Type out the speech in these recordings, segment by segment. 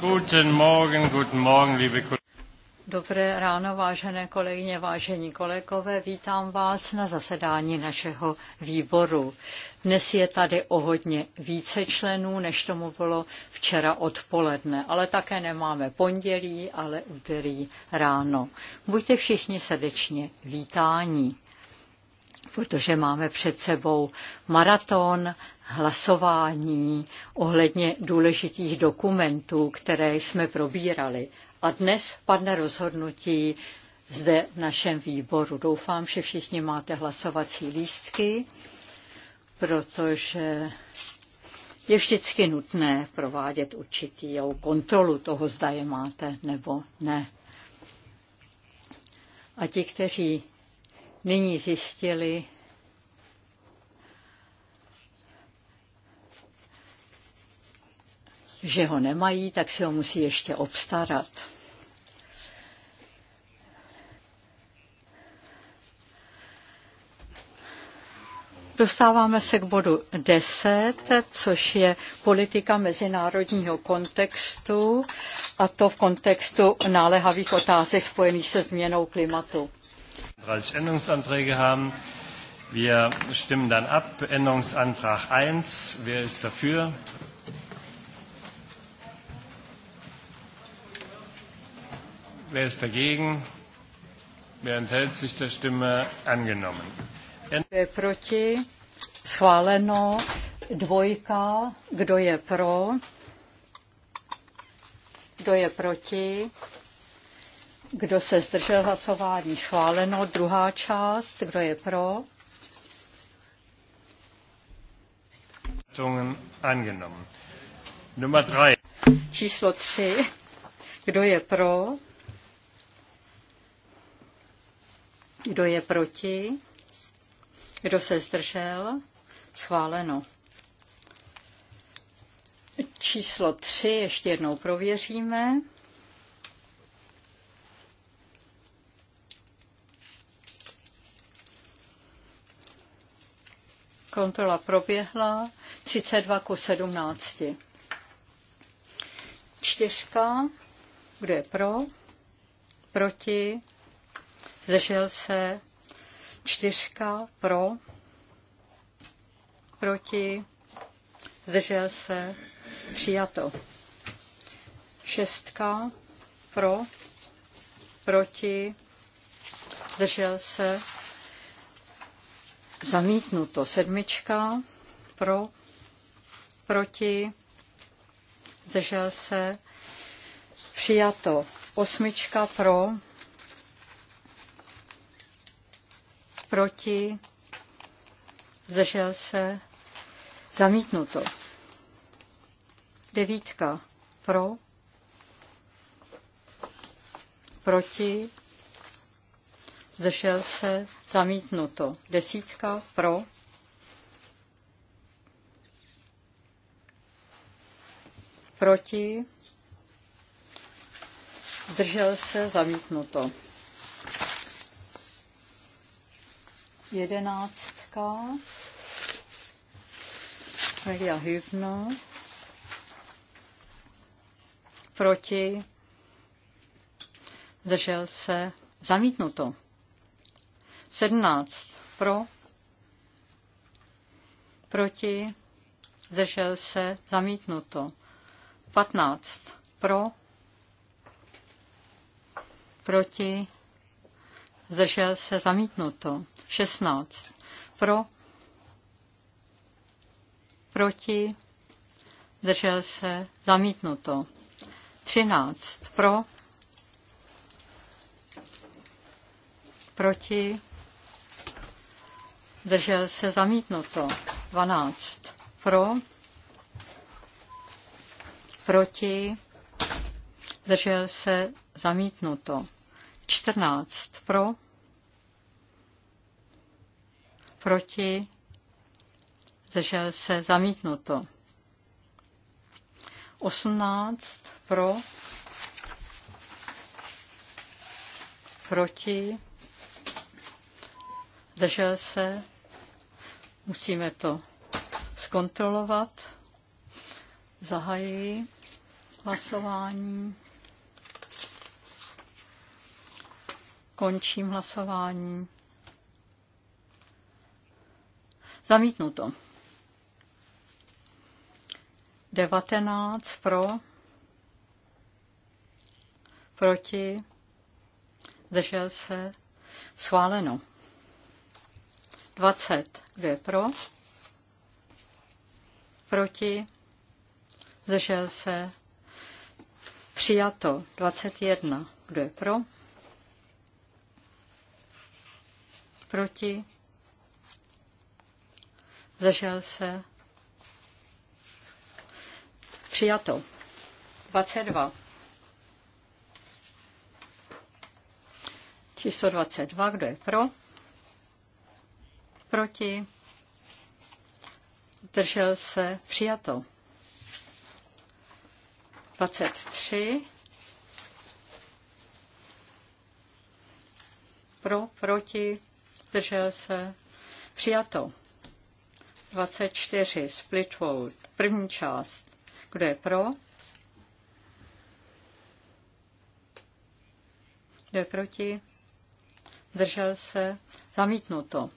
Guten Morgen, guten Morgen, liebe Dobré ráno, vážené kolegyně, vážení kolegové. Vítám vás na zasedání našeho výboru. Dnes je tady o hodně více členů, než tomu bylo včera odpoledne, ale také nemáme pondělí, ale úterý ráno. Buďte všichni srdečně vítání protože máme před sebou maraton hlasování ohledně důležitých dokumentů, které jsme probírali. A dnes padne rozhodnutí zde v našem výboru. Doufám, že všichni máte hlasovací lístky, protože je vždycky nutné provádět určitý kontrolu toho, zda je máte nebo ne. A ti, kteří nyní zjistili, že ho nemají, tak si ho musí ještě obstarat. Dostáváme se k bodu 10, což je politika mezinárodního kontextu, a to v kontextu náléhavých otázek spojených se změnou klimatu. 30 Änderungsanträge haben. Wir stimmen dann ab. Änderungsantrag 1. Wer ist dafür? Wer ist dagegen? Wer enthält sich der Stimme? Angenommen. Kdo je proti? Schváleno. Dvojka. Kdo je pro? Kdo je proti? Kdo se zdržel hlasování? Schváleno. Druhá část. Kdo je pro? angenommen. Číslo tři. Kdo je pro? Kdo je proti? Kdo se zdržel? Schváleno. Číslo tři ještě jednou prověříme. kontrola proběhla, 32 ku 17. Čtyřka, kdo je pro, proti, zdržel se, čtyřka, pro, proti, zdržel se, přijato. Šestka, pro, proti, zdržel se, Zamítnuto. Sedmička pro, proti, zdržel se. Přijato. Osmička pro, proti, zdržel se. Zamítnuto. Devítka pro, proti, zdržel se, zamítnuto. Desítka pro, proti, zdržel se, zamítnuto. Jedenáctka, Maria Hübner, proti, zdržel se, zamítnuto. 17 pro, proti, zdržel se, zamítnuto. 15 pro, proti, zdržel se, zamítnuto. 16 pro, proti, zdržel se, zamítnuto. 13 pro, proti, zdržel se zamítnuto. 12 pro, proti, zdržel se zamítnuto. 14 pro, proti, zdržel se zamítnuto. 18 pro, proti, Držel se Musíme to zkontrolovat. Zahajuji hlasování. Končím hlasování. Zamítnuto. 19 pro, proti, zdržel se, schváleno. 20. Kdo je pro? Proti? Zdržel se? Přijato. 21. Kdo je pro? Proti? Zdržel se? Přijato. 22. Číslo 22. Kdo je pro? proti, držel se, přijato. 23 pro, proti, držel se, přijato. 24 split vote, první část. Kdo je pro? Kdo je proti? Držel se, zamítnuto.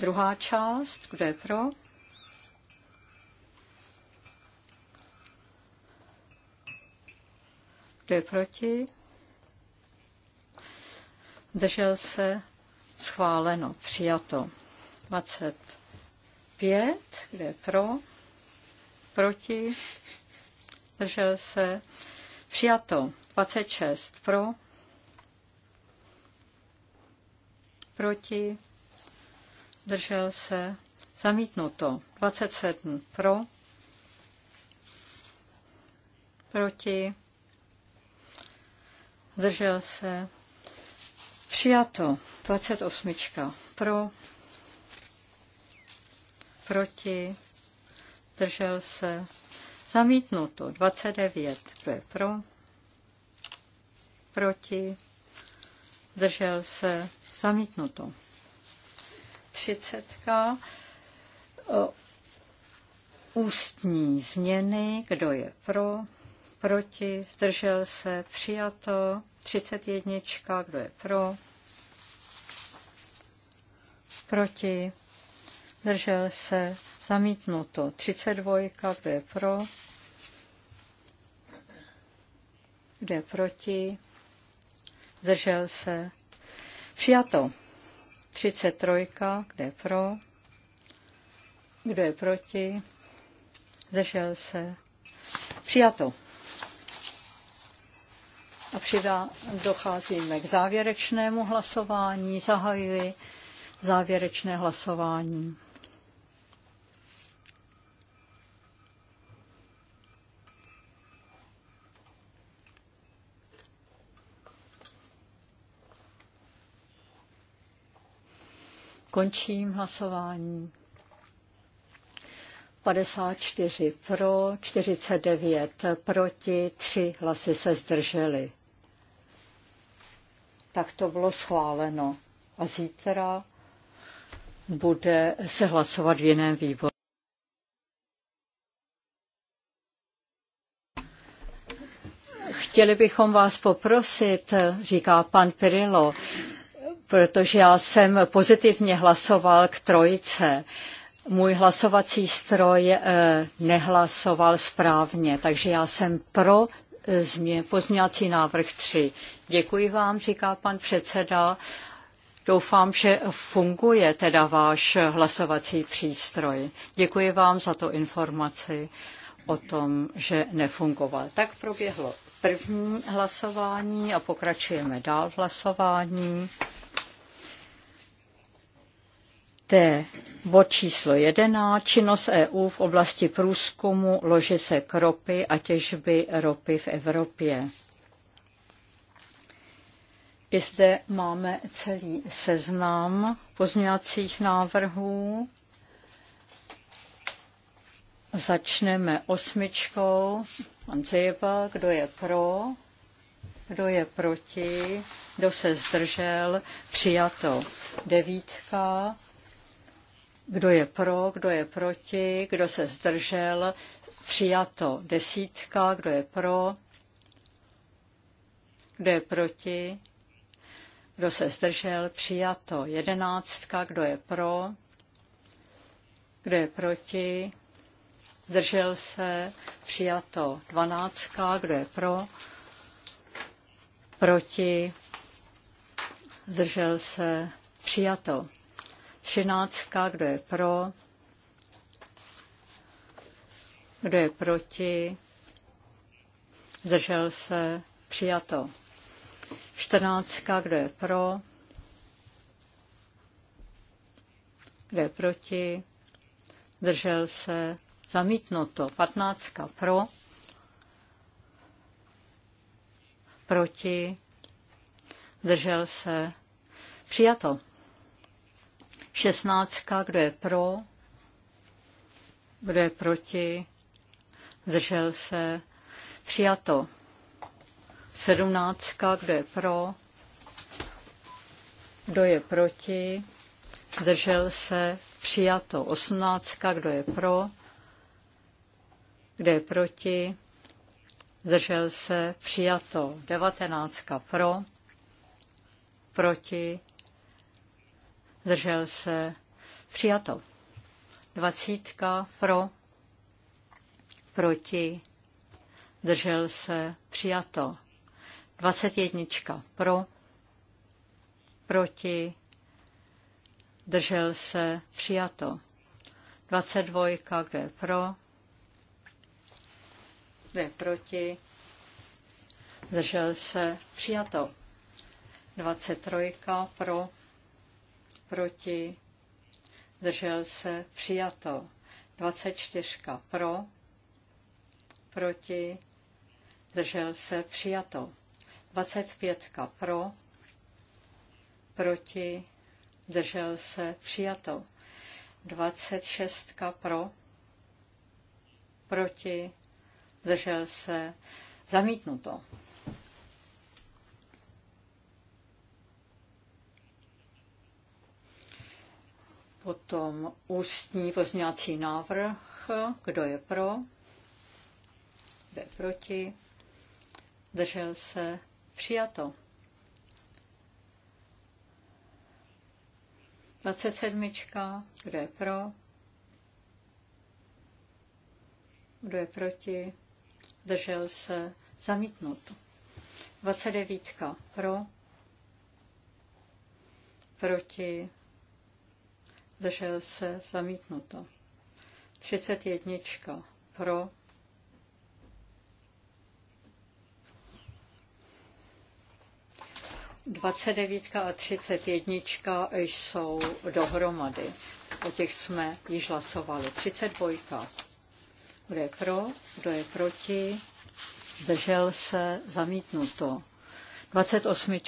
Druhá část, kdo je pro? Kdo je proti? Držel se schváleno, přijato. 25, kde je pro, proti, držel se, přijato. 26 pro, proti, zdržel se, zamítnuto. 27 pro, proti, zdržel se, přijato. 28 pro, proti, zdržel se, zamítnuto. 29 kdo je pro, proti, zdržel se, zamítnuto třicítka ústní změny, kdo je pro, proti, zdržel se, přijato, 31, kdo je pro, proti, zdržel se, zamítnuto, 32, kdo je pro, kdo je proti, zdržel se, přijato. 33, kde je pro, kdo je proti, zdržel se, přijato. A přidá, docházíme k závěrečnému hlasování, zahajuji závěrečné hlasování. Končím hlasování. 54 pro, 49 proti, 3 hlasy se zdrželi. Tak to bylo schváleno. A zítra bude se hlasovat v jiném výboru. Chtěli bychom vás poprosit, říká pan Pirilo, protože já jsem pozitivně hlasoval k trojce. Můj hlasovací stroj eh, nehlasoval správně, takže já jsem pro eh, změ, pozměňovací návrh 3. Děkuji vám, říká pan předseda. Doufám, že funguje teda váš hlasovací přístroj. Děkuji vám za to informaci o tom, že nefungoval. Tak proběhlo první hlasování a pokračujeme dál v hlasování. Té bod číslo 11, činnost EU v oblasti průzkumu ložisek ropy a těžby ropy v Evropě. I zde máme celý seznam pozměňovacích návrhů. Začneme osmičkou. Pan Zjeba, kdo je pro, kdo je proti, kdo se zdržel, přijato. Devítka, kdo je pro, kdo je proti, kdo se zdržel, přijato desítka, kdo je pro, kdo je proti, kdo se zdržel, přijato jedenáctka, kdo je pro, kdo je proti, zdržel se, přijato dvanáctka, kdo je pro, proti, zdržel se, přijato. 13. kdo je pro? Kdo je proti? Zdržel se? Přijato. 14. kdo je pro? Kdo je proti? Zdržel se? Zamítnuto. 15. pro? Proti? Zdržel se? Přijato. 16. Kdo je pro? Kdo je proti? Zdržel se? Přijato. 17. Kdo je pro? Kdo je proti? Zdržel se? Přijato. 18. Kdo je pro? Kdo je proti? Zdržel se? Přijato. 19. Pro? Proti? zdržel se, přijato. Dvacítka pro, proti, zdržel se, přijato. Dvacet jednička pro, proti, držel se, přijato. dvojka, kde je pro, kde je proti, držel se, přijato. trojka pro, proti, zdržel se, přijato. 24 pro, proti, zdržel se, přijato. 25 pro, proti, zdržel se, přijato. 26 pro, proti, zdržel se, zamítnuto. Potom ústní pozměňovací návrh. Kdo je pro? Kdo je proti? Držel se? Přijato. 27. Kdo je pro? Kdo je proti? Držel se? Zamítnut. 29. Pro? Proti? zdržel se, zamítnuto. 31 pro, Dvacet a třicet jednička jsou dohromady. O těch jsme již hlasovali. Třicet bojka Kdo je pro, kdo je proti, zdržel se, zamítnuto. 28.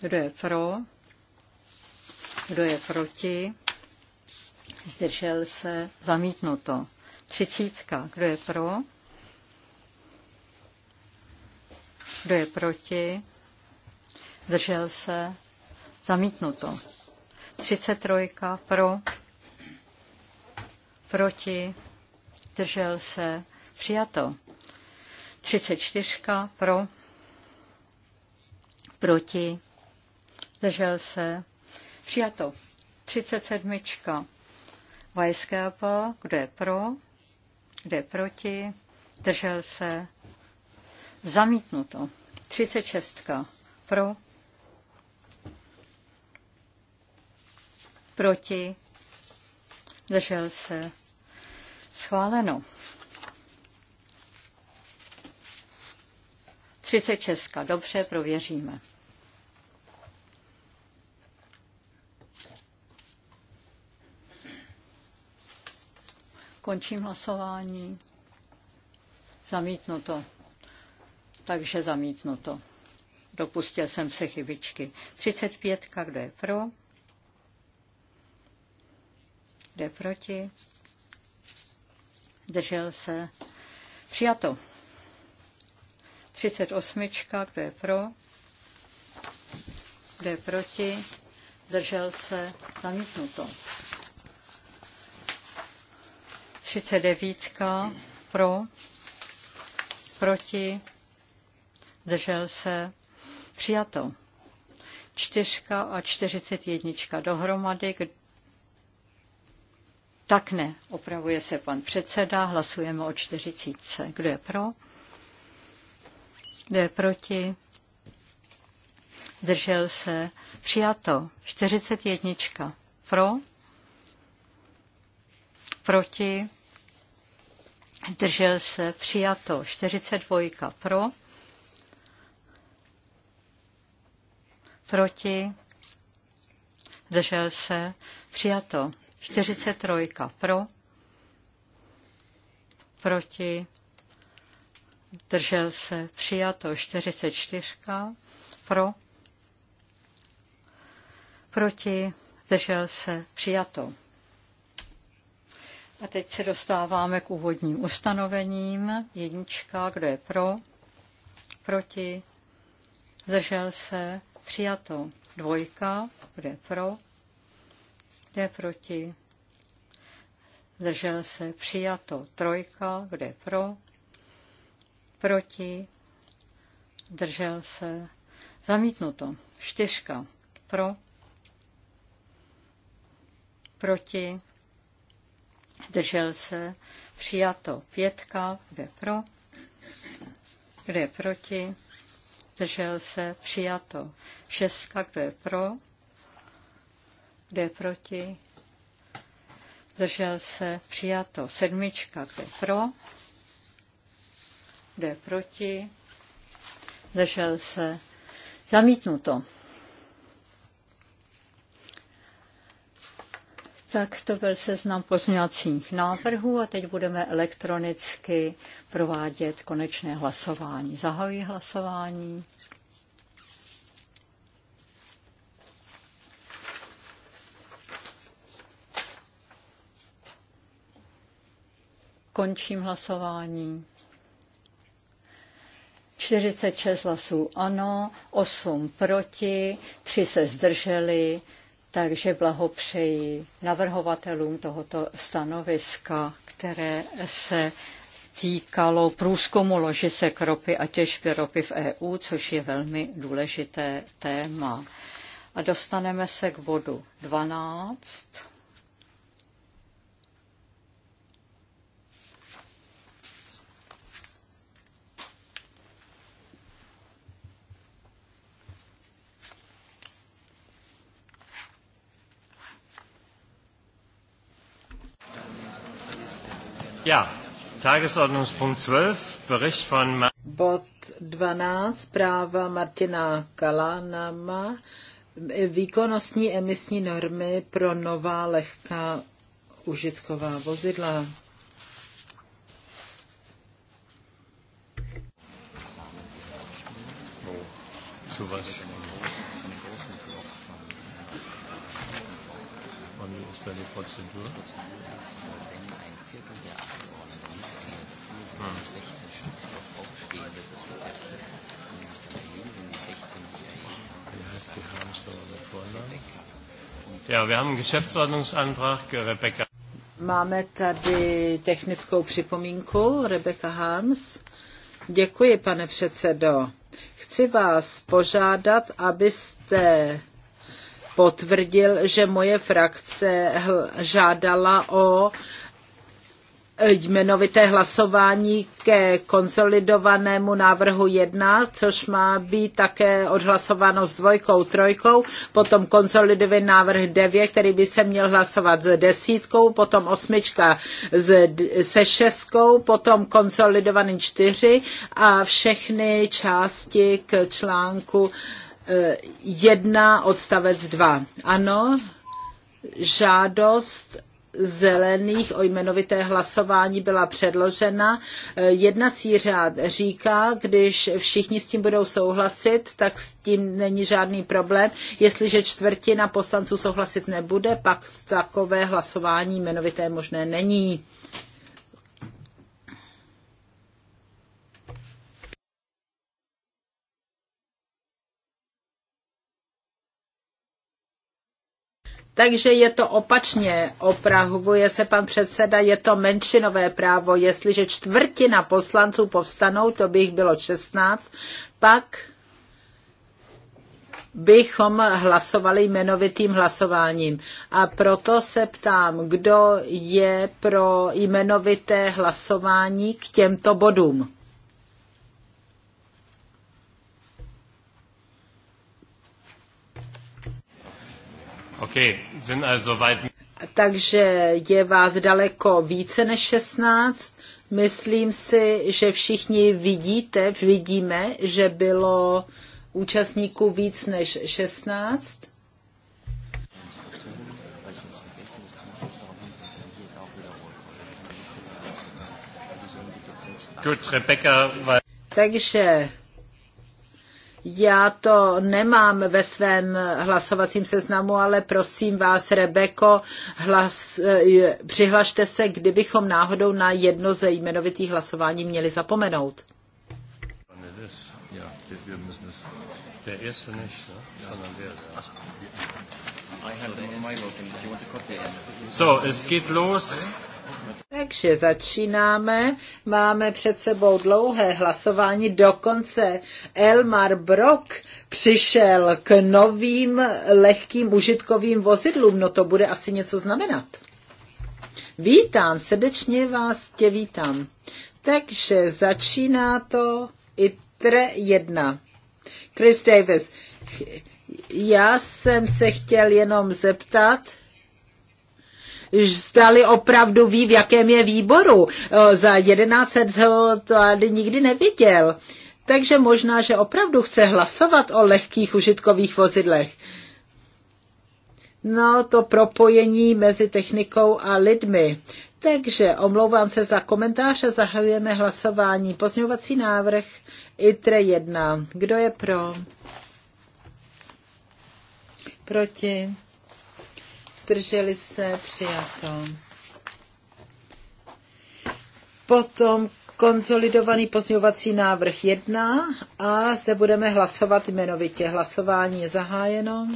Kdo je pro? Kdo je proti? zdržel se, zamítnuto. Třicítka, kdo je pro? Kdo je proti? Zdržel se, zamítnuto. trojka, pro, proti, zdržel se, přijato. čtyřka pro, proti, zdržel se, přijato. sedmička, Weiskápa, kdo je pro, kdo je proti, držel se, zamítnuto. 36 pro, proti, držel se, schváleno. 36, dobře, prověříme. Končím hlasování. Zamítnuto. Takže zamítnuto. Dopustil jsem se chybičky. 35, kdo je pro? Kdo je proti? Držel se. Přijato. 38, kdo je pro? Kdo je proti? Držel se. Zamítnuto. 39 pro, proti, zdržel se, přijato. Čtyřka a 41 dohromady, tak ne, opravuje se pan předseda, hlasujeme o 40. Kdo je pro? Kdo je proti? Zdržel se. Přijato. 41. Pro? Proti? držel se, přijato 42 pro, proti, držel se, přijato 43 pro, proti, držel se, přijato 44 pro, proti, držel se, přijato a teď se dostáváme k úvodním ustanovením. Jednička, kdo je pro, proti, zdržel se, přijato. Dvojka, kdo je pro, kdo je proti, zdržel se, přijato. Trojka, kdo je pro, proti, zdržel se, zamítnuto. Čtyřka, pro, proti, Držel se. Přijato pětka. Kde pro? Kde proti? Držel se. Přijato šestka. Kde pro? Kde proti? Držel se. Přijato sedmička. Kde pro? Kde proti? Držel se. Zamítnuto. Tak to byl seznam pozměňovacích návrhů a teď budeme elektronicky provádět konečné hlasování. Zahajuji hlasování. Končím hlasování. 46 hlasů ano, 8 proti, 3 se zdrželi. Takže blahopřeji navrhovatelům tohoto stanoviska, které se týkalo průzkumu ložisek ropy a těžby ropy v EU, což je velmi důležité téma. A dostaneme se k bodu 12. Ja, Tagesordnungspunkt 12, Bericht von Mar Bod 12, zpráva Martina Kalanama, výkonnostní emisní normy pro nová lehká užitková vozidla. Sowas. Wann ist hm. 16 Stück noch aufstehen wird, die 16, Wie heißt die Ja, wir haben einen Geschäftsordnungsantrag, Rebecca. Máme tady technickou připomínku, Rebecca Harms. Děkuji, pane předsedo. Chci vás požádat, abyste potvrdil, že moje frakce žádala o jmenovité hlasování ke konsolidovanému návrhu 1, což má být také odhlasováno s dvojkou, trojkou, potom konsolidovaný návrh 9, který by se měl hlasovat s desítkou, potom osmička s, se šestkou, potom konsolidovaný 4 a všechny části k článku 1 eh, odstavec 2. Ano, žádost zelených o jmenovité hlasování byla předložena. Eh, jednací řád říká, když všichni s tím budou souhlasit, tak s tím není žádný problém. Jestliže čtvrtina poslanců souhlasit nebude, pak takové hlasování jmenovité možné není. Takže je to opačně, opravuje se pan předseda, je to menšinové právo. Jestliže čtvrtina poslanců povstanou, to by jich bylo 16, pak bychom hlasovali jmenovitým hlasováním. A proto se ptám, kdo je pro jmenovité hlasování k těmto bodům. Okay, sind also weit... Takže je vás daleko více než 16. Myslím si, že všichni vidíte, vidíme, že bylo účastníků víc než 16. Good, Rebecca, weil... Takže já to nemám ve svém hlasovacím seznamu, ale prosím vás, Rebeko, hlas, eh, přihlašte se, kdybychom náhodou na jedno ze jmenovitých hlasování měli zapomenout. So, es geht los. Takže začínáme. Máme před sebou dlouhé hlasování. Dokonce Elmar Brock přišel k novým lehkým užitkovým vozidlům. No to bude asi něco znamenat. Vítám, srdečně vás tě vítám. Takže začíná to I tre jedna. Chris Davis, já jsem se chtěl jenom zeptat, zdali opravdu ví, v jakém je výboru. E, za 1100 ho to nikdy neviděl. Takže možná, že opravdu chce hlasovat o lehkých užitkových vozidlech. No, to propojení mezi technikou a lidmi. Takže omlouvám se za komentáře, zahajujeme hlasování. Pozňovací návrh ITRE 1. Kdo je pro? Proti? zdrželi se, přijato. Potom konsolidovaný pozměňovací návrh 1 a zde budeme hlasovat jmenovitě. Hlasování je zahájeno.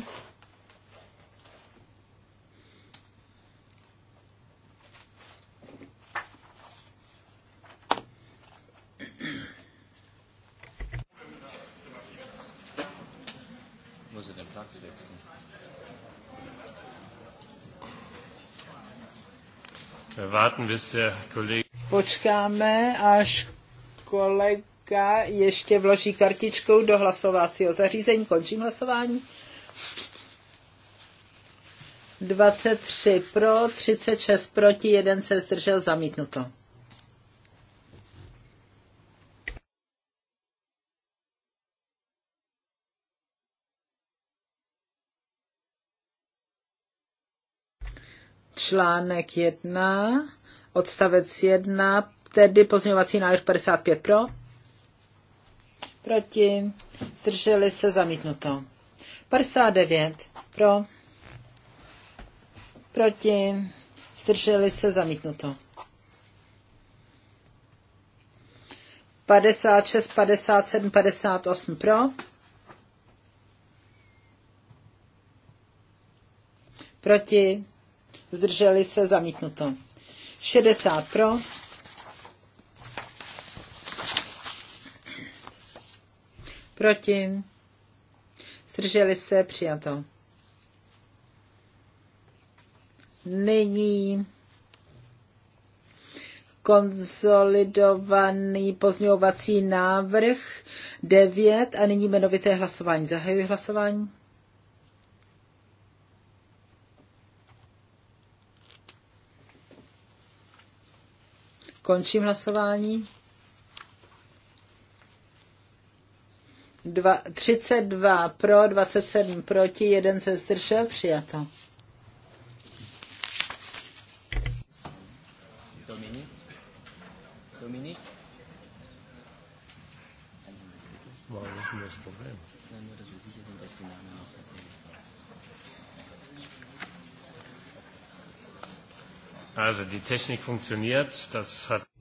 Počkáme, až kolega ještě vloží kartičkou do hlasovacího zařízení. Končím hlasování. 23 pro, 36 proti, 1 se zdržel zamítnuto. článek 1, odstavec 1, tedy pozměňovací návrh 55 pro, proti, zdrželi se zamítnuto. 59 pro, proti, zdrželi se zamítnuto. 56, 57, 58 pro. Proti zdrželi se, zamítnuto. 60 pro, proti, zdrželi se, přijato. Nyní konsolidovaný pozměňovací návrh 9 a nyní jmenovité hlasování. Zahajuji hlasování. Končím hlasování. Dva, 32 pro, 27 proti, jeden se zdržel, přijato.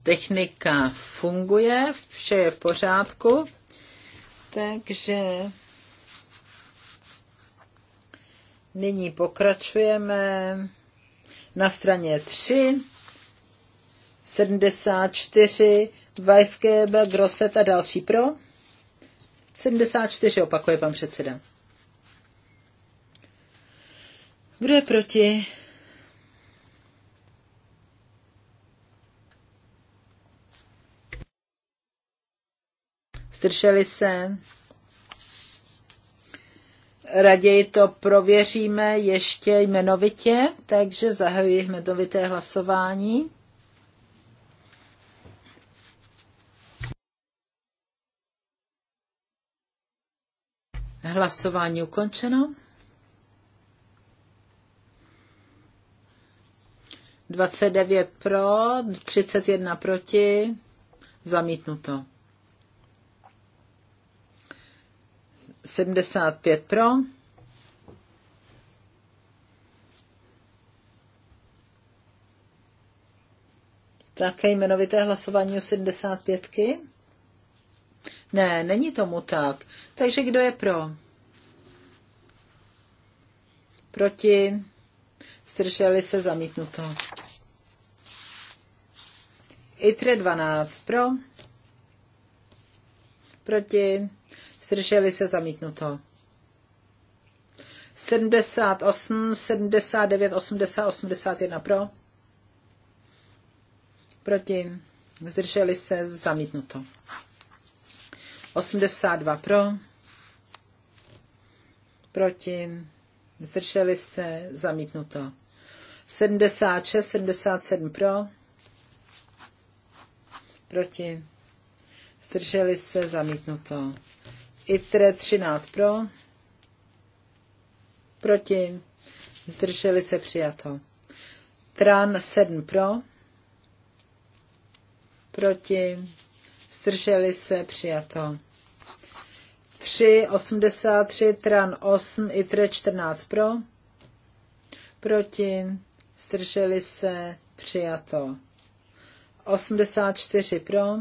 Technika funguje, vše je v pořádku, takže nyní pokračujeme na straně 3, 74, Weisgeber, Grosset a další pro. 74 opakuje pan předseda. Kdo je proti? zdrželi se. Raději to prověříme ještě jmenovitě, takže zahajuji jmenovité hlasování. Hlasování ukončeno. 29 pro, 31 proti, zamítnuto. 75 pro. Také jmenovité hlasování o 75. -ky? Ne, není tomu tak. Takže kdo je pro? Proti? Zdrželi se zamítnuto. ITRE 12 pro. Proti? zdrželi se zamítnuto. 78, 79, 80, 81 pro. Proti. Zdrželi se zamítnuto. 82 pro. Proti. Zdrželi se zamítnuto. 76, 77 pro. Proti. Zdrželi se zamítnuto. ITRE 13 pro, proti, zdrželi se přijato. TRAN 7 pro, proti, zdrželi se přijato. 3, 83, TRAN 8, ITRE 14 pro, proti, zdrželi se přijato. 84 pro,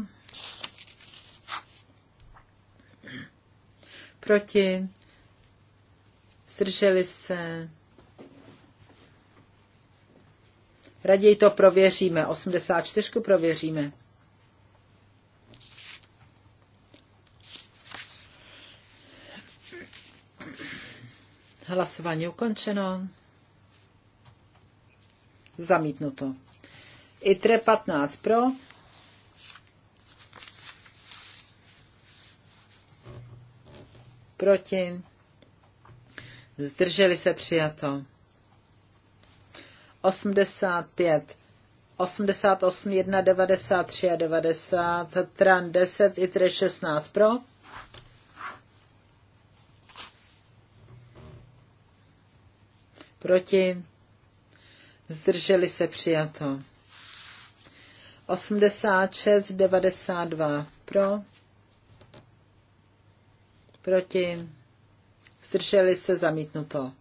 proti, zdrželi se. Raději to prověříme, 84 prověříme. Hlasování ukončeno. Zamítnuto. ITRE 15 pro, proti, zdrželi se přijato. 85, 88, 1, 93 a 90, tran 10, i 16 pro. Proti, zdrželi se přijato. 86, 92 pro proti, zdrželi se zamítnuto.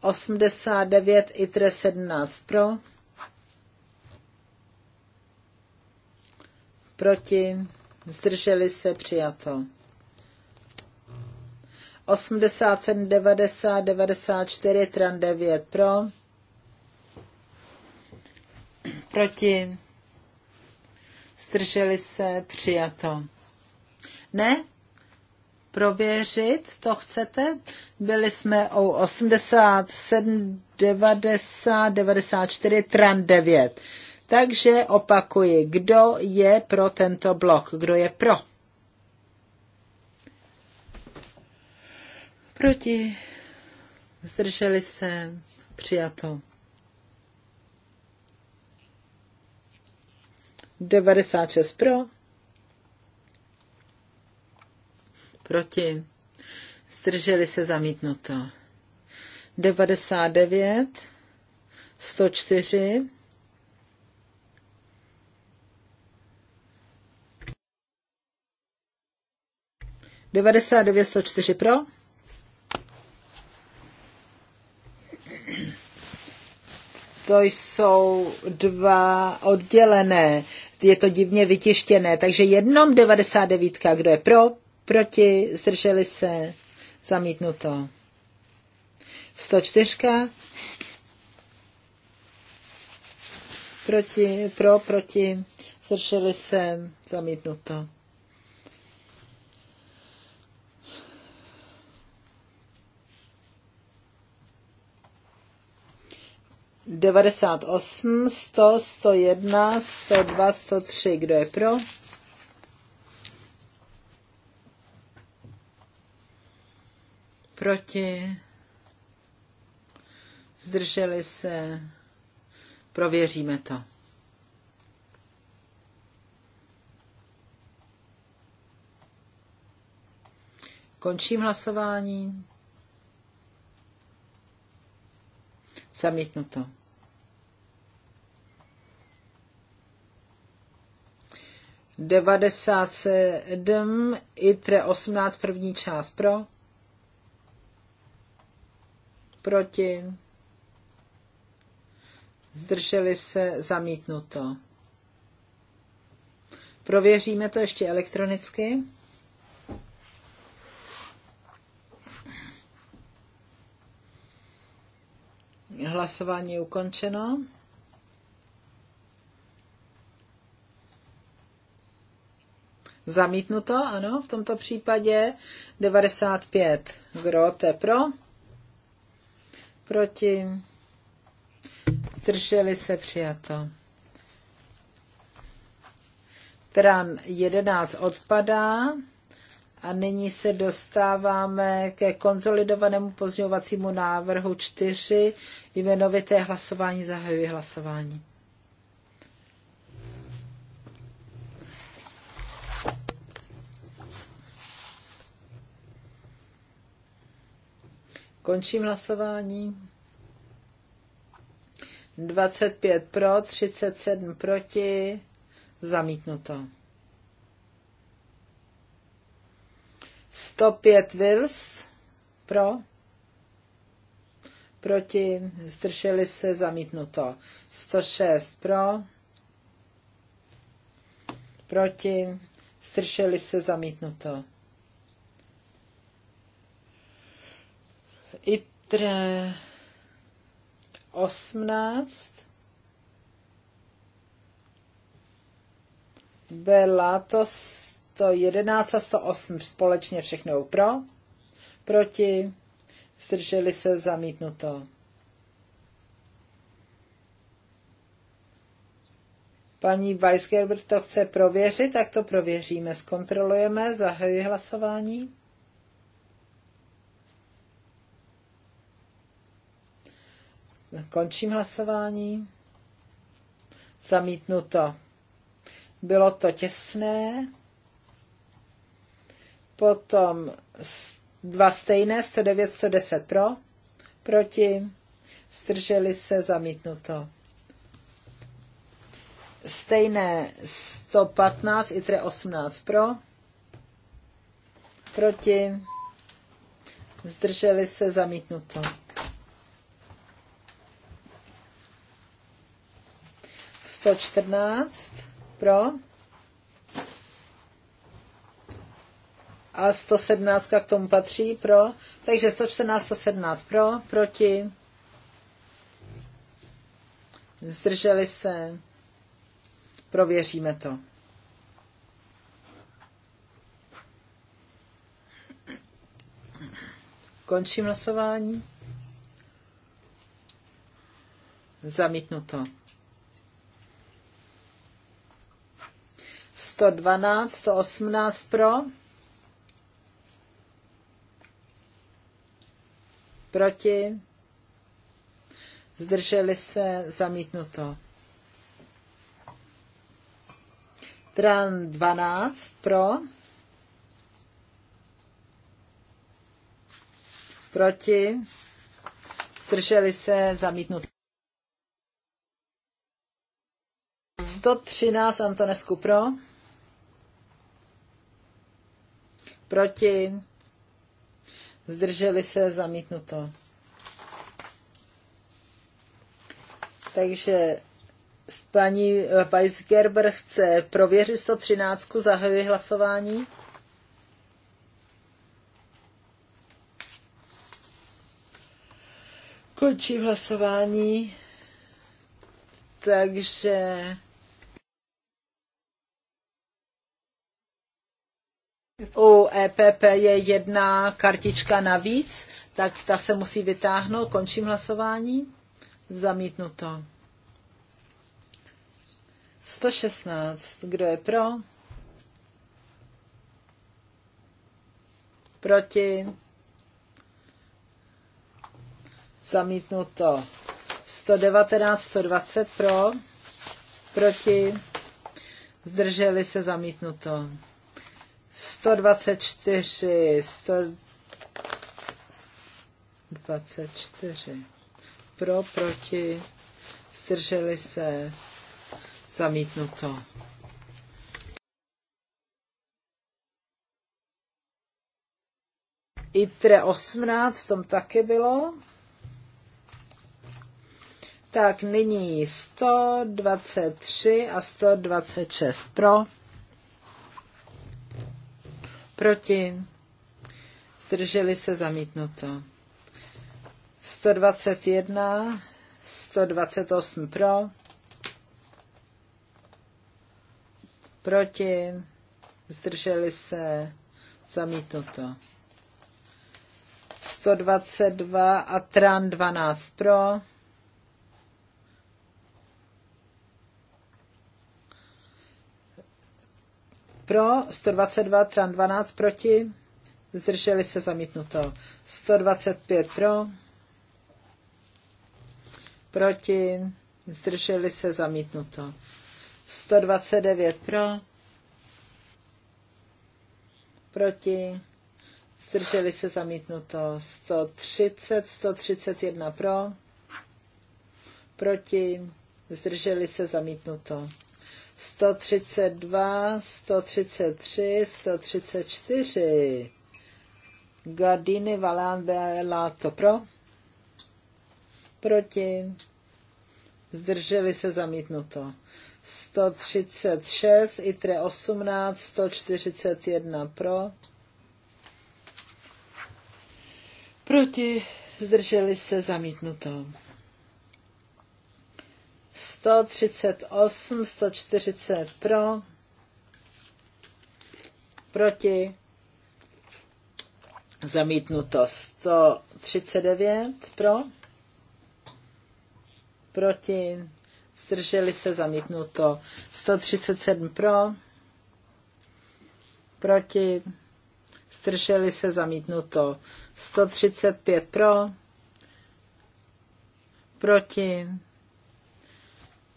89 ITRE 17 pro, proti, zdrželi se přijato. 87, 90, 94, tran 9 pro, proti, zdrželi se přijato. Ne? prověřit, to chcete. Byli jsme o 87, 90, 94, tran 9. Takže opakuji, kdo je pro tento blok, kdo je pro? Proti. Zdrželi se. Přijato. 96 pro proti, zdrželi se zamítnuto. 99, 104, Devadesát devět sto čtyři pro. To jsou dva oddělené je to divně vytištěné. Takže jednom 99, kdo je pro, proti, zdrželi se, zamítnuto. 104. Proti, pro, proti, zdrželi se, zamítnuto. Devadesát osm, sto, sto jedna, sto dva, sto tři. Kdo je pro? proti, zdrželi se, prověříme to. Končím hlasování. to. Devadesát sedm, ITRE osmnáct, první část pro proti, zdrželi se, zamítnuto. Prověříme to ještě elektronicky. Hlasování je ukončeno. Zamítnuto, ano, v tomto případě 95. Grote pro proti, zdrželi se přijato. Tran 11 odpadá a nyní se dostáváme ke konzolidovanému pozměňovacímu návrhu 4. Jmenovité hlasování zahajuje hlasování. Končím hlasování. 25 pro, 37 proti, zamítnuto. 105 Wills pro, proti, zdrželi se, zamítnuto. 106 pro, proti, zdrželi se, zamítnuto. ITRE 18 byla to 111 a 108 společně všechno pro, proti, zdrželi se zamítnuto. Paní Weisgerber to chce prověřit, tak to prověříme, zkontrolujeme, zahajuji hlasování. Končím hlasování. Zamítnuto. Bylo to těsné. Potom dva stejné, 109, 110 pro, proti, zdrželi se, zamítnuto. Stejné 115, i 18 pro, proti, zdrželi se, zamítnuto. 114 pro a 117 k tomu patří pro, takže 114, 117 pro, proti, zdrželi se, prověříme to. Končím hlasování. Zamítnuto. 112, 118 pro, proti, zdrželi se, zamítnuto. Tran 12 pro, proti, zdrželi se, zamítnuto. 113 Antonesku pro. proti, zdrželi se, zamítnuto. Takže paní Weisgerber eh, chce prověřit 113, zahajuje hlasování. Končí hlasování. Takže U EPP je jedna kartička navíc, tak ta se musí vytáhnout. Končím hlasování. Zamítnuto. 116. Kdo je pro? Proti? Zamítnuto. 119, 120 pro, proti, zdrželi se zamítnuto. 124, 124. Pro, proti, zdrželi se, zamítnuto. ITRE 18, v tom taky bylo. Tak nyní 123 a 126 pro Proti. Zdrželi se zamítnuto. 121, 128 pro. Proti. Zdrželi se zamítnuto. 122 a Tran 12 pro pro, 122, tran 12 proti, zdrželi se zamítnuto. 125 pro, proti, zdrželi se zamítnuto. 129 pro, proti, zdrželi se zamítnuto. 130, 131 pro, proti, zdrželi se zamítnuto. 132, 133, 134. Gardiny, Valán, To pro. Proti. Zdrželi se zamítnuto. 136, ITRE 18, 141 pro. Proti. Zdrželi se zamítnuto. 138, 140 pro, proti, zamítnuto 139 pro, proti, zdrželi se zamítnuto 137 pro, proti, zdrželi se zamítnuto 135 pro, proti,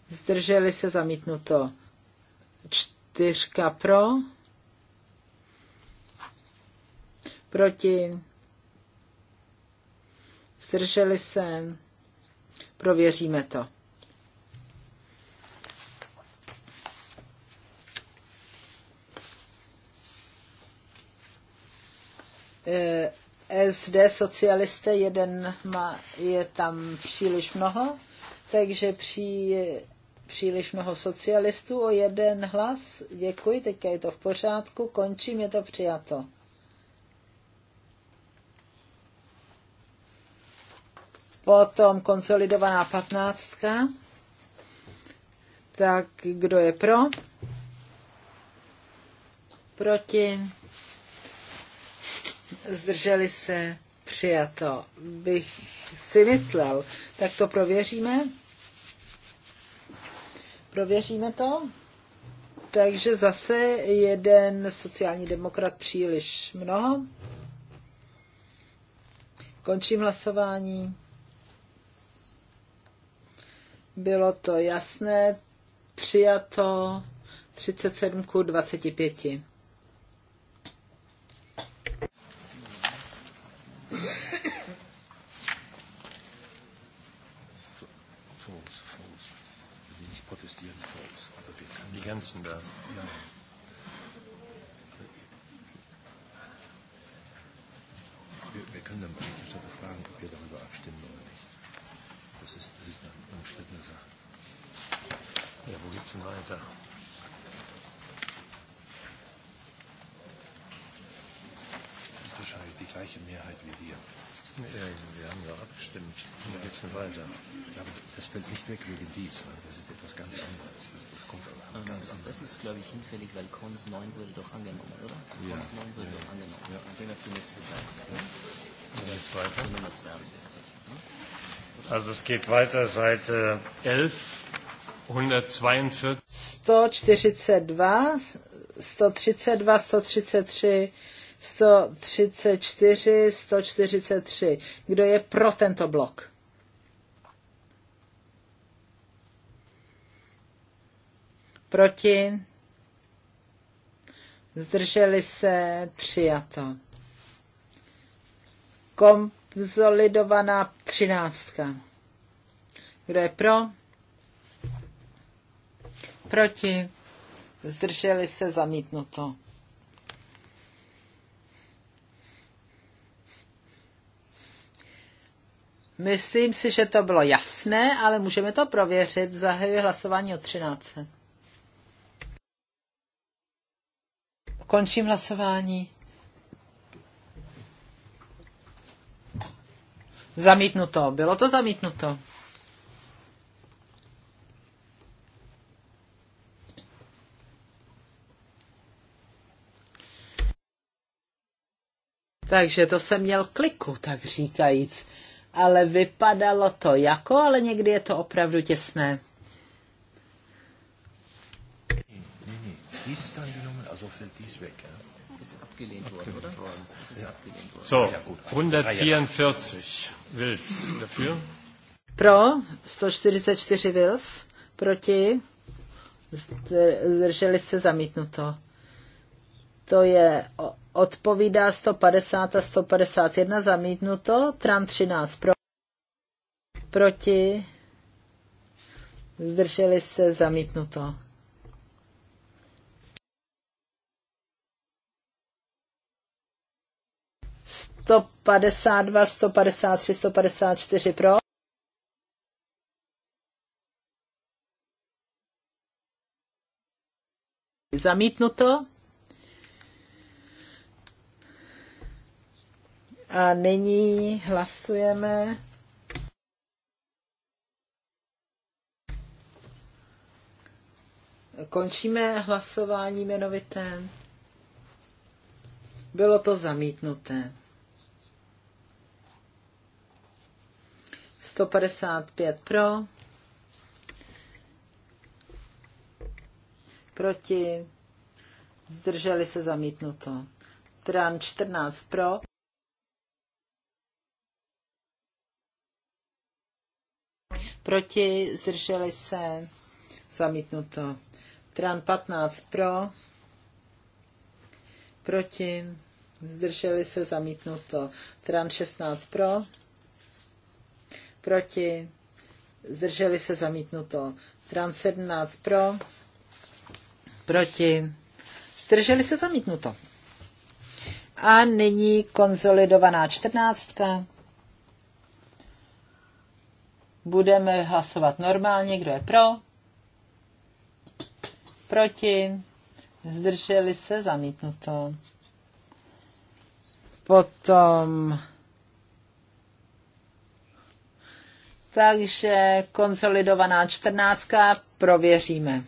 zdrželi se zamítnuto. Čtyřka pro, proti, zdrželi se, prověříme to. E, SD socialisté, jeden má, je tam příliš mnoho, takže při příliš mnoho socialistů o jeden hlas. Děkuji, teďka je to v pořádku, končím, je to přijato. Potom konsolidovaná patnáctka. Tak kdo je pro? Proti? Zdrželi se? Přijato. Bych si myslel. Tak to prověříme. Prověříme to. Takže zase jeden sociální demokrat příliš mnoho. Končím hlasování. Bylo to jasné, přijato 37 ku 25. Jensen da. Ja. Wir, wir können dann Berichterstatter fragen, ob wir darüber abstimmen oder nicht. Das ist, das ist eine umstrittene Sache. Ja, wo geht's denn weiter? Das ist wahrscheinlich die gleiche Mehrheit wie hier. Ja, wir haben ja abgestimmt. Wo geht's denn weiter? Ja, aber das fällt nicht weg wegen dies. Das ist etwas ganz anderes. Das Cons angenommen. Cons an. Das ist, glaube ich, hinfällig, weil Cons 9 wurde doch angenommen, oder? Ja. Cons 9 wurde ja. doch angenommen. Ja. und Dann auf die nächste Seite. Ja. Und jetzt weiter. Die Nummer 62. Also es geht weiter, Seite 11, 142. 142, 132, 133, 134, 143. Kdo je pro tento blok? proti, zdrželi se, přijato. Konzolidovaná třináctka. Kdo je pro? Proti, zdrželi se, zamítnuto. Myslím si, že to bylo jasné, ale můžeme to prověřit. Zahajuji hlasování o 13. Končím hlasování. Zamítnuto. Bylo to zamítnuto. Takže to jsem měl kliku, tak říkajíc. Ale vypadalo to jako, ale někdy je to opravdu těsné. Ne, ne, ne so Ja? Das ist abgelehnt worden, oder? Das ist ja. abgelehnt worden. So, 144 Wills dafür. Pro, 144 Wills, proti, zdrželi se zamítnuto. To je odpovídá 150 a 151 zamítnuto, Tran 13 pro, proti, zdrželi se zamítnuto. 152, 153, 154 pro. Zamítnuto. A nyní hlasujeme. Končíme hlasování jmenovité. Bylo to zamítnuté. 155 pro, proti, zdrželi se zamítnuto. Tran 14 pro. Proti, zdrželi se zamítnuto. Tran 15 pro. Proti, zdrželi se zamítnuto. Tran 16 pro proti, zdrželi se zamítnuto. Trans 17 pro, proti, zdrželi se zamítnuto. A nyní konzolidovaná čtrnáctka. Budeme hlasovat normálně, kdo je pro, proti, zdrželi se zamítnuto. Potom Takže konsolidovaná čtrnáctka prověříme.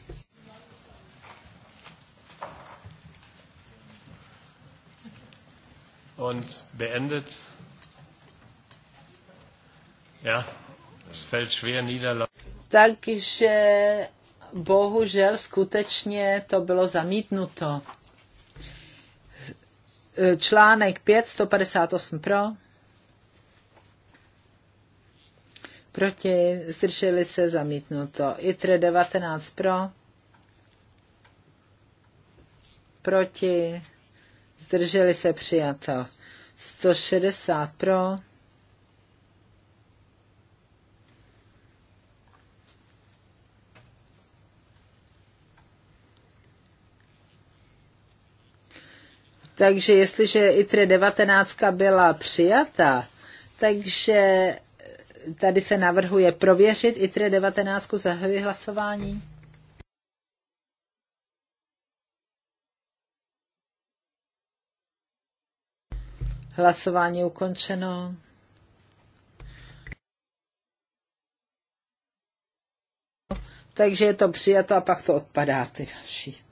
Und beendet. Ja, es fällt schwer nieder. Takže bohužel skutečně to bylo zamítnuto. Článek 5, 158 pro proti, zdrželi se, zamítnuto. ITRE 19 pro, proti, zdrželi se, přijato. 160 pro, Takže jestliže ITRE 19 byla přijata, takže tady se navrhuje prověřit. ITRE 19 zahajuje hlasování. Hlasování ukončeno. Takže je to přijato a pak to odpadá ty další.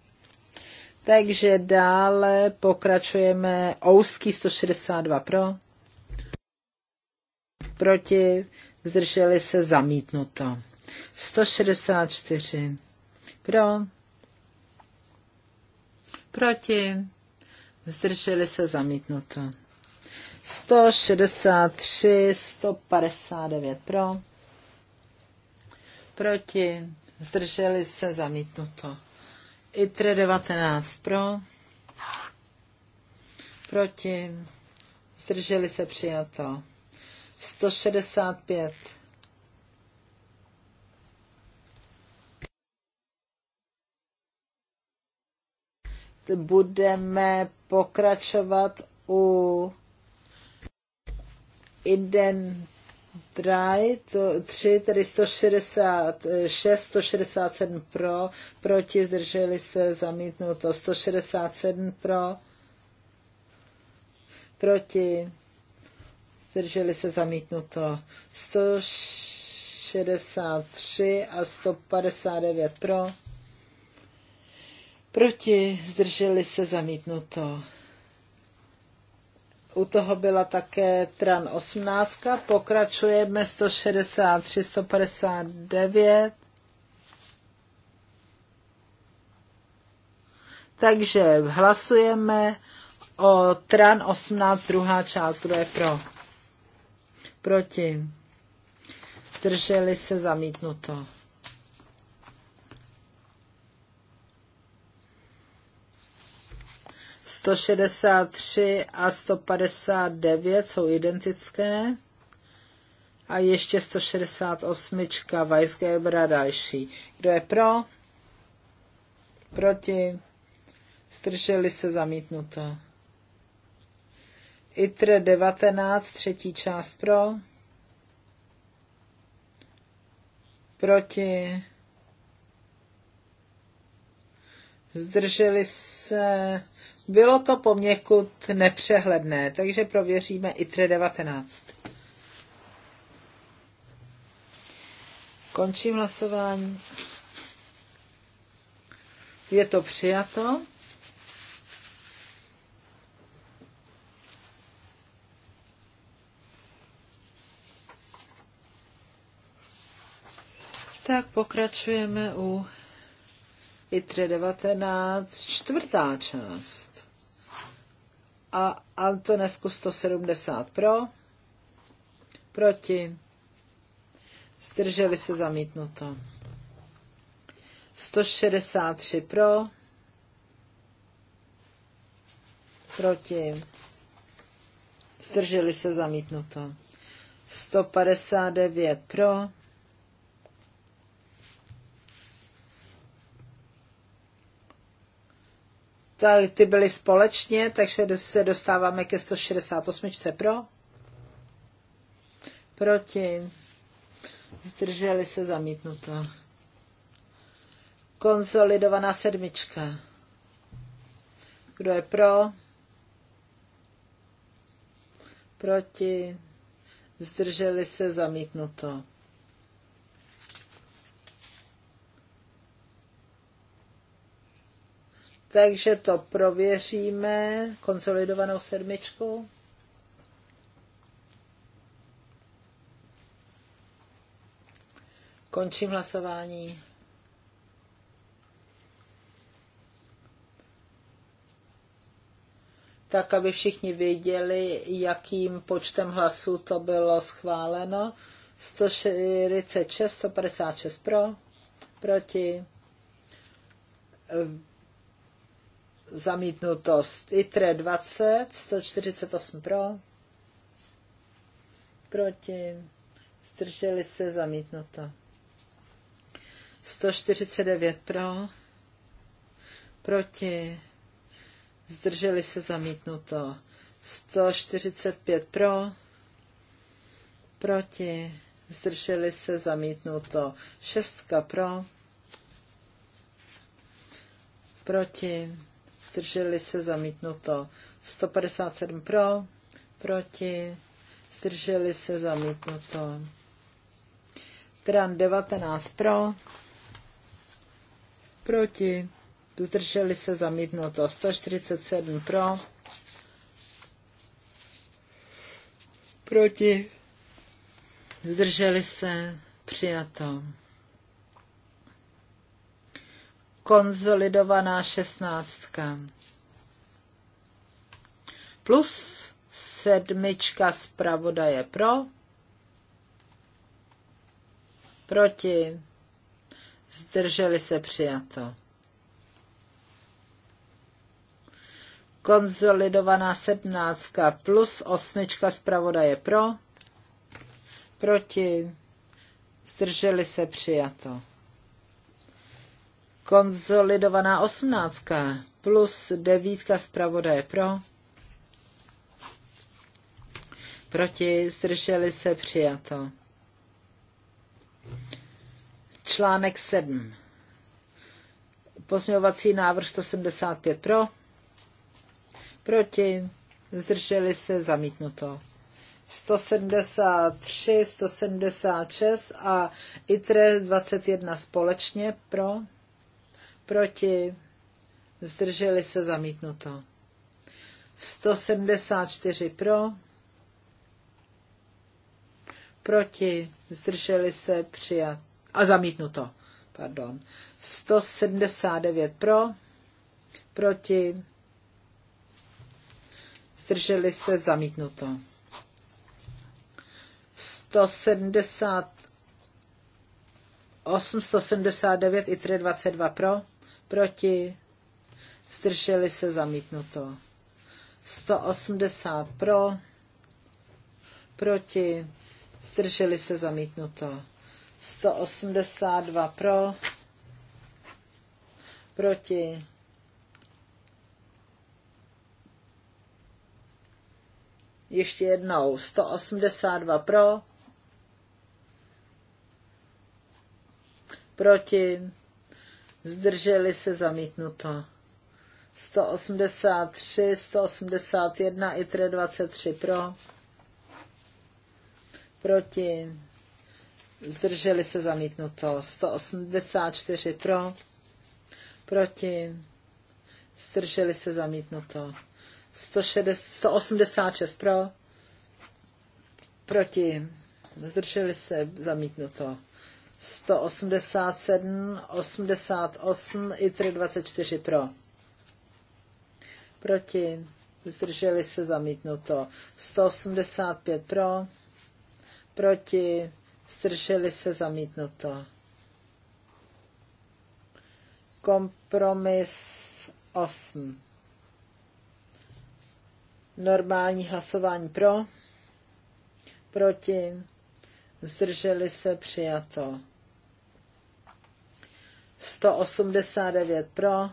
Takže dále pokračujeme. Ousky 162 pro proti, zdrželi se zamítnuto. 164 pro, proti, zdrželi se zamítnuto. 163, 159 pro, proti, zdrželi se zamítnuto. ITRE 19 pro, proti, zdrželi se přijato. 165. Budeme pokračovat u Inden Dry, to 3, tedy 166, 167 pro, proti zdrželi se zamítnuto, 167 pro, proti zdrželi se zamítnuto 163 a 159 pro, proti zdrželi se zamítnuto. U toho byla také TRAN 18, pokračujeme 163, 159. Takže hlasujeme o TRAN 18, druhá část, kdo je pro proti, zdrželi se zamítnuto. Sto šedesát tři a sto padesát devět jsou identické. A ještě 168. Weisgerbera další. Kdo je pro? Proti? Zdrželi se zamítnuto. ITR 19, třetí část pro, proti, zdrželi se, bylo to poměkud nepřehledné, takže prověříme ITR 19. Končím hlasování. Je to přijato. Tak pokračujeme u ITRE 19, čtvrtá část. A Antonesku 170 pro, proti, zdrželi se zamítnuto. 163 pro, proti, zdrželi se zamítnuto. 159 pro, ty byly společně, takže se dostáváme ke 168 pro. Proti. Zdrželi se zamítnuto. Konsolidovaná sedmička. Kdo je pro? Proti. Zdrželi se zamítnuto. Takže to prověříme konsolidovanou sedmičku. Končím hlasování. Tak, aby všichni věděli, jakým počtem hlasů to bylo schváleno. 146, 156 pro, proti zamítnutost. ITRE 20, 148 pro, proti, zdrželi se, zamítnuto. 149 pro, proti, zdrželi se, zamítnuto. 145 pro, proti, zdrželi se, zamítnuto. 6 pro, proti, zdrželi se zamítnuto. 157 pro, proti, zdrželi se zamítnuto. Tran 19 pro, proti, zdrželi se zamítnuto. 147 pro, proti, zdrželi se přijato konzolidovaná šestnáctka. Plus sedmička zpravodaje pro, proti, zdrželi se přijato. Konzolidovaná sedmnáctka plus osmička zpravodaje pro, proti, zdrželi se přijato konzolidovaná osmnáctka plus devítka zpravodaje pro. Proti zdrželi se přijato. Článek 7. Pozměňovací návrh 175 pro. Proti zdrželi se zamítnuto. 173, 176 a ITRE 21 společně pro proti, zdrželi se zamítnuto. 174 pro, proti, zdrželi se přijat a zamítnuto. Pardon. 179 pro, proti, zdrželi se zamítnuto. 178, 179 i 322 pro proti, zdrželi se zamítnuto. 180 pro, proti, zdrželi se zamítnuto. 182 pro, proti, ještě jednou 182 pro, proti, zdrželi se zamítnuto. 183, 181, ITRE 23 pro, proti, zdrželi se zamítnuto. 184 pro, proti, zdrželi se zamítnuto. 160, 186 pro, proti, zdrželi se zamítnuto. 187, 88, ITR 24 pro. Proti. Zdrželi se zamítnuto. 185 pro. Proti. Zdrželi se zamítnuto. Kompromis 8. Normální hlasování pro. Proti. Zdrželi se přijato. 189 pro,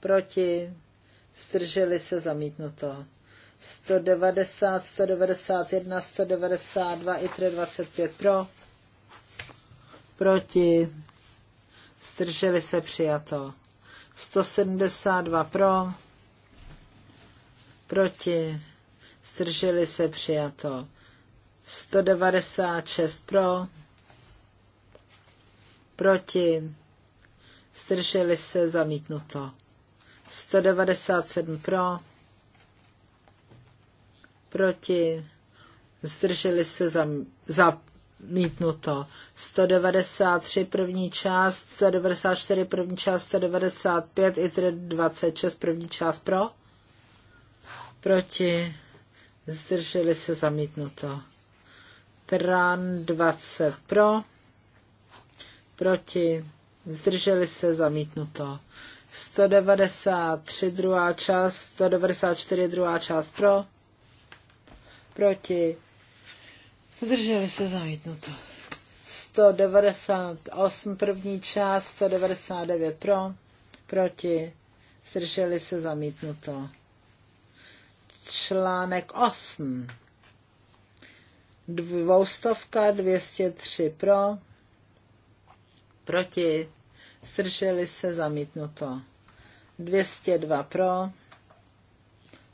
proti, zdrželi se zamítnuto. 190, 191, 192, ITRE 25 pro, proti, zdrželi se přijato. 172 pro, proti, zdrželi se přijato. 196 pro, proti, zdrželi se, zamítnuto. 197 pro, proti, zdrželi se, zam, zamítnuto. 193 první část, 194 první část, 195 i 26 první část pro, proti, zdrželi se, zamítnuto. Tran 20 pro, proti, zdrželi se, zamítnuto. 193 druhá část, 194 druhá část pro, proti, zdrželi se, zamítnuto. 198 první část, 199 pro, proti, zdrželi se, zamítnuto. Článek 8. Dvoustovka 203 pro, proti, zdrželi se zamítnuto. 202 pro,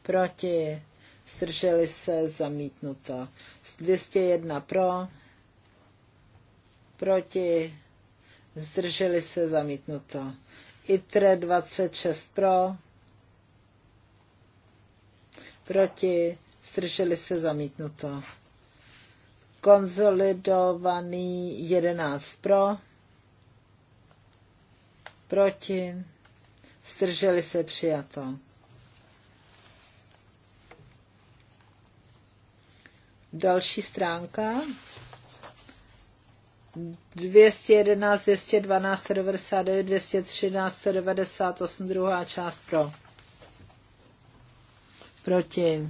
proti, zdrželi se zamítnuto. 201 pro, proti, zdrželi se zamítnuto. ITRE 26 pro, proti, zdrželi se zamítnuto. Konzolidovaný 11 pro, proti, strželi se přijato. Další stránka. 211, 212, 199, 213, 198, druhá část pro. Proti.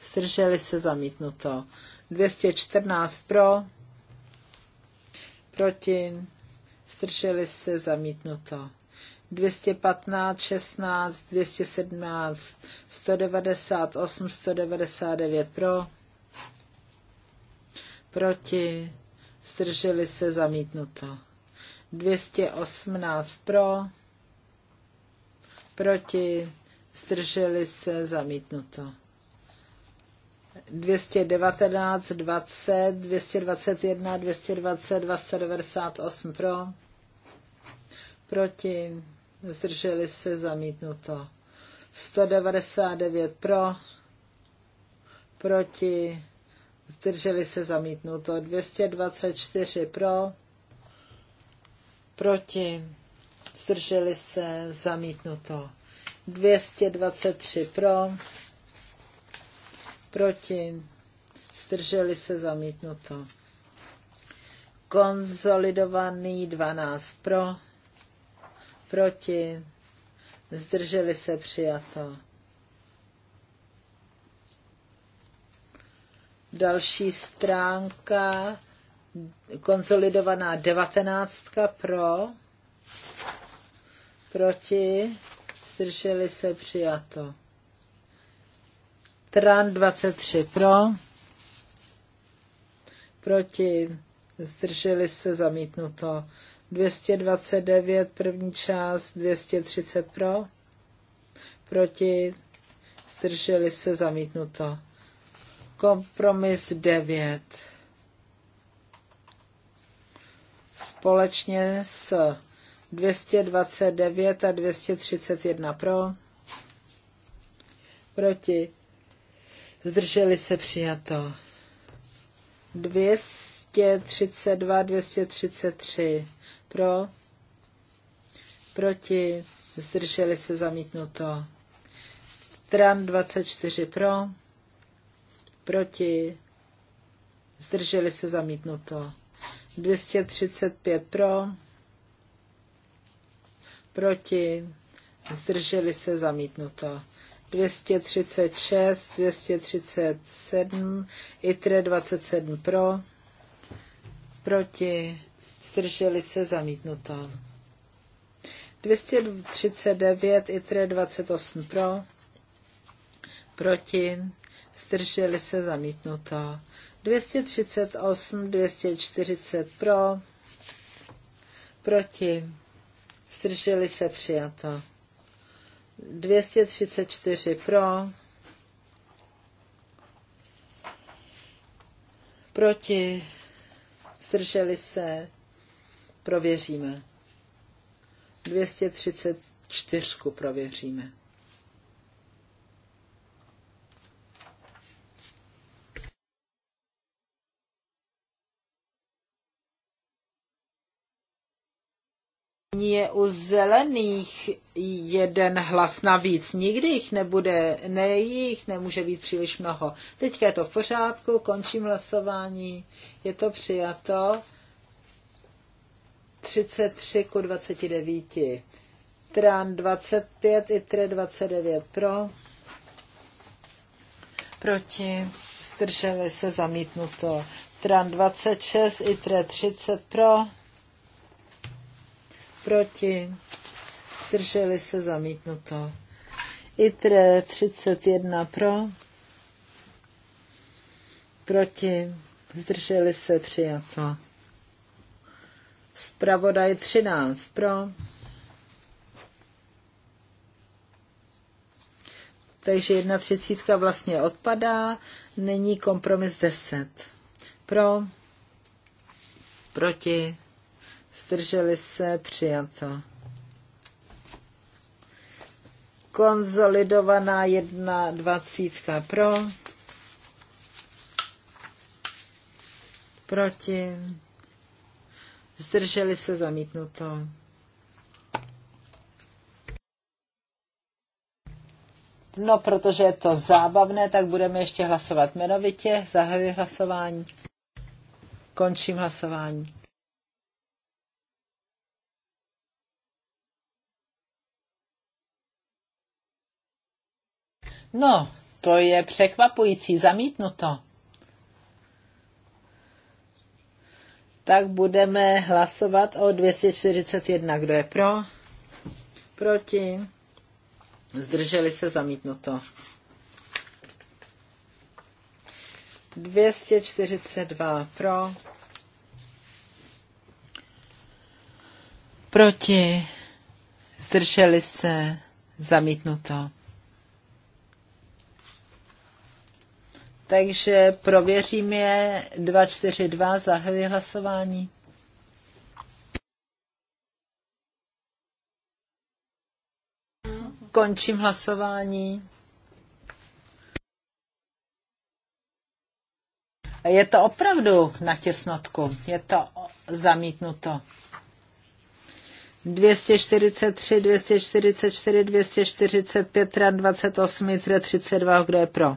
Strželi se zamítnuto. 214 pro. Proti stržili se, zamítnuto. 215, 16, 217, 198, 199 pro, proti, stržili se, zamítnuto. 218 pro, proti, stržili se, zamítnuto. 219, 20, 221, 220, 298 pro, proti, zdrželi se zamítnuto. 199 pro, proti, zdrželi se zamítnuto. 224 pro, proti, zdrželi se zamítnuto. 223 pro, proti, zdrželi se zamítnuto. Konzolidovaný 12 pro, proti, zdrželi se přijato. Další stránka, konsolidovaná devatenáctka pro, proti, zdrželi se přijato. Tran 23 pro, proti, zdrželi se zamítnuto. 229 první část, 230 pro, proti, zdrželi se zamítnuto. Kompromis 9. Společně s 229 a 231 pro, proti, zdrželi se přijato. 232, 233 pro, proti, zdrželi se zamítnuto. Tran 24 pro, proti, zdrželi se zamítnuto. 235 pro, proti, zdrželi se zamítnuto. 236, 237, ITRE 27 pro, proti, strželi se zamítnuto. 239, ITRE 28 pro, proti, strželi se zamítnuto. 238, 240 pro, proti, strželi se přijato. 234 pro, proti, zdrželi se, prověříme. 234 prověříme. je u zelených jeden hlas navíc. Nikdy jich nebude, ne jich nemůže být příliš mnoho. Teďka je to v pořádku, končím hlasování, je to přijato. 33 ku 29. Tran 25, ITRE 29 pro. Proti. Zdrželi se zamítnuto. Tran 26, ITRE 30 pro proti, zdrželi se zamítnuto. ITRE 31 pro, proti, zdrželi se přijato. Spravodaj 13 pro. Takže jedna třicítka vlastně odpadá, není kompromis 10. Pro, proti, zdrželi se, přijato. Konzolidovaná jedna dvacítka pro, proti, zdrželi se, zamítnuto. No, protože je to zábavné, tak budeme ještě hlasovat jmenovitě. Zahajuji hlasování. Končím hlasování. No, to je překvapující, zamítnuto. Tak budeme hlasovat o 241. Kdo je pro? Proti? Zdrželi se zamítnuto. 242 pro. Proti? Zdrželi se zamítnuto. Takže prověřím je 242, zahajuji hlasování. Končím hlasování. Je to opravdu na těsnotku. Je to zamítnuto. 243, 244, 245, 28, 32, kdo je pro?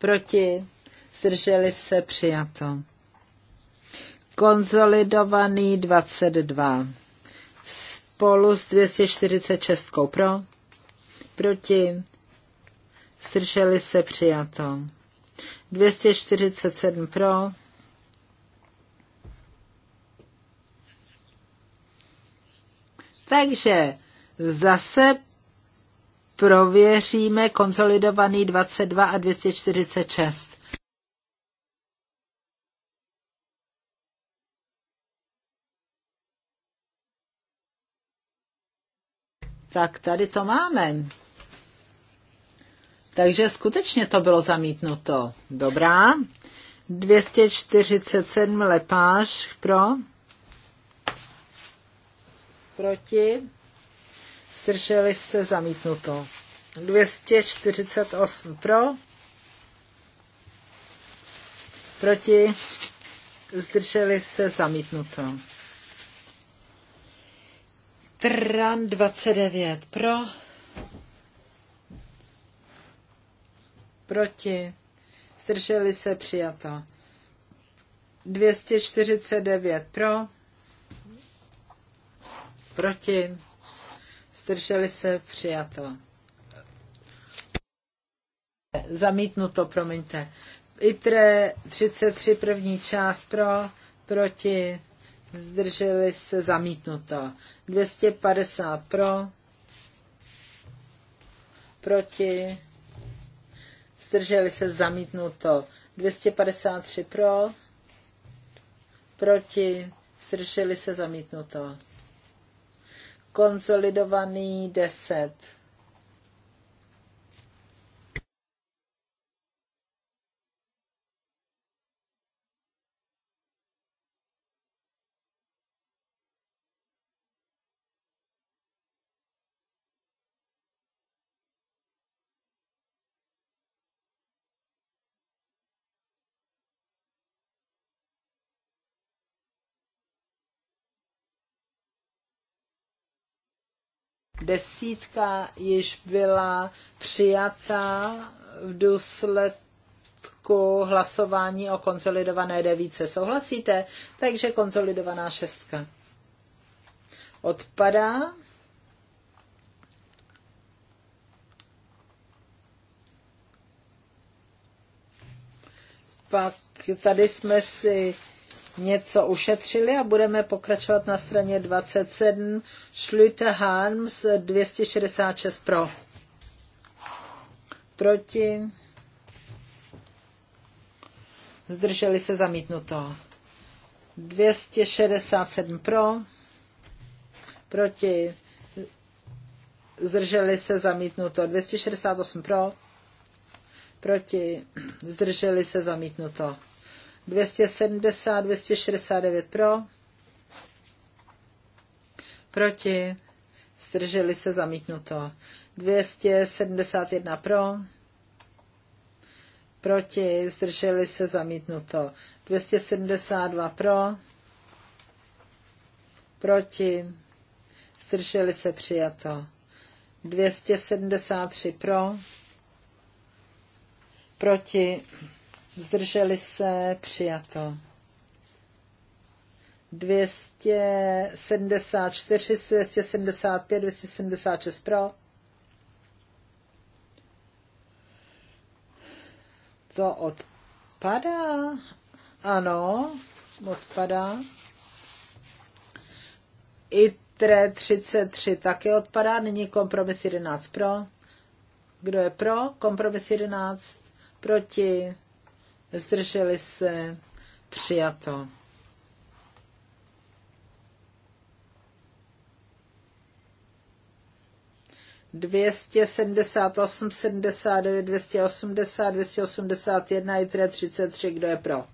proti, zdrželi se, přijato. Konzolidovaný 22. Spolu s 246 pro, proti, zdrželi se, přijato. 247 pro, Takže zase prověříme konsolidovaný 22 a 246. Tak tady to máme. Takže skutečně to bylo zamítnuto. Dobrá. 247 lepáš pro. Proti zdrželi se, zamítnuto. 248 pro, proti, zdrželi se, zamítnuto. Tran 29 pro, proti, zdrželi se, přijato. 249 pro, proti, zdrželi se, přijato. Zamítnuto, promiňte. ITRE 33 první část pro, proti, zdrželi se, zamítnuto. 250 pro, proti, zdrželi se, zamítnuto. 253 pro, proti, zdrželi se, zamítnuto konsolidovaný 10. Desítka již byla přijata v důsledku hlasování o konsolidované devíce. Souhlasíte? Takže konsolidovaná šestka odpadá. Pak tady jsme si něco ušetřili a budeme pokračovat na straně 27 Schlüter Harms 266 pro. Proti. Zdrželi se zamítnuto. 267 pro. Proti. Zdrželi se zamítnuto. 268 pro. Proti. Zdrželi se zamítnuto. 270, 269 pro, proti, zdrželi se zamítnuto. 271 pro, proti, zdrželi se zamítnuto. 272 pro, proti, zdrželi se přijato. 273 pro, proti, zdrželi se, přijato. 274, 275, 276 pro. To odpadá. Ano, odpadá. ITRE 33 také odpadá. Nyní kompromis 11 pro. Kdo je pro? Kompromis 11 proti zdrželi se, přijato. Dvěstě sedmdesát osm, sedmdesát devět, dvěstě osmdesát, dvěstě osmdesát jedna, i tři, třicet tři, kdo je pro?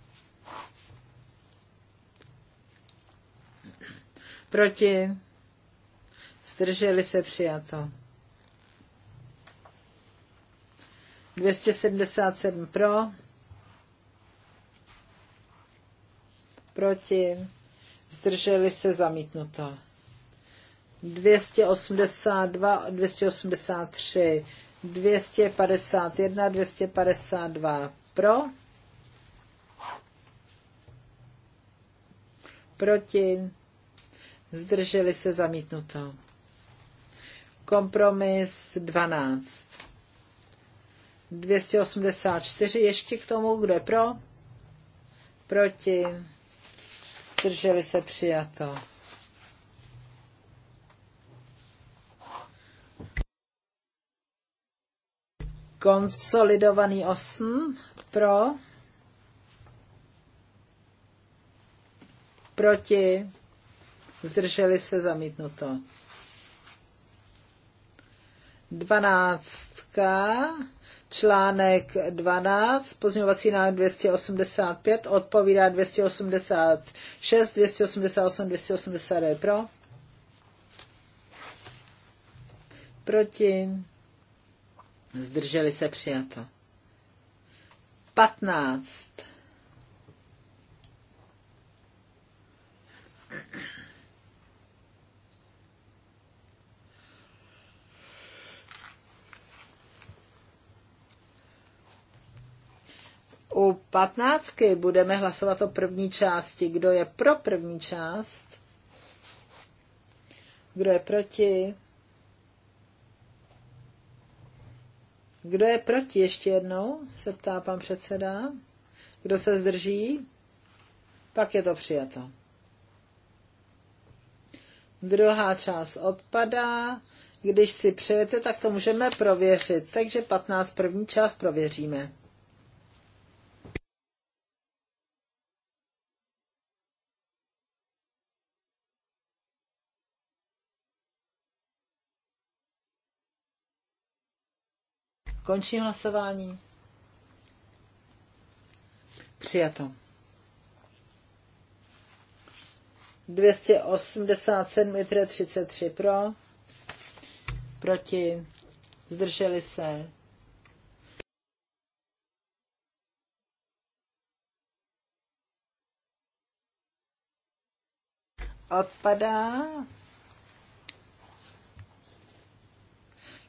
Proti? Zdrželi se přijato. Dvěstě sedmdesát sedm pro, proti, zdrželi se zamítnuto. 282, 283, 251, 252 pro, proti, zdrželi se zamítnuto. Kompromis 12. 284 ještě k tomu, kdo je pro, proti, zdrželi se přijato. Konsolidovaný osm pro, proti, zdrželi se zamítnuto. Dvanáctka článek 12, pozměňovací návrh 285, odpovídá 286, 288, 289 pro. Proti. Zdrželi se přijato. 15. patnáctky budeme hlasovat o první části. Kdo je pro první část? Kdo je proti? Kdo je proti ještě jednou? se ptá pan předseda. Kdo se zdrží? Pak je to přijato. Druhá část odpadá. Když si přejete, tak to můžeme prověřit. Takže 15 první část prověříme. Končím hlasování. Přijato. 287 litre 33 pro, proti, zdrželi se. Odpadá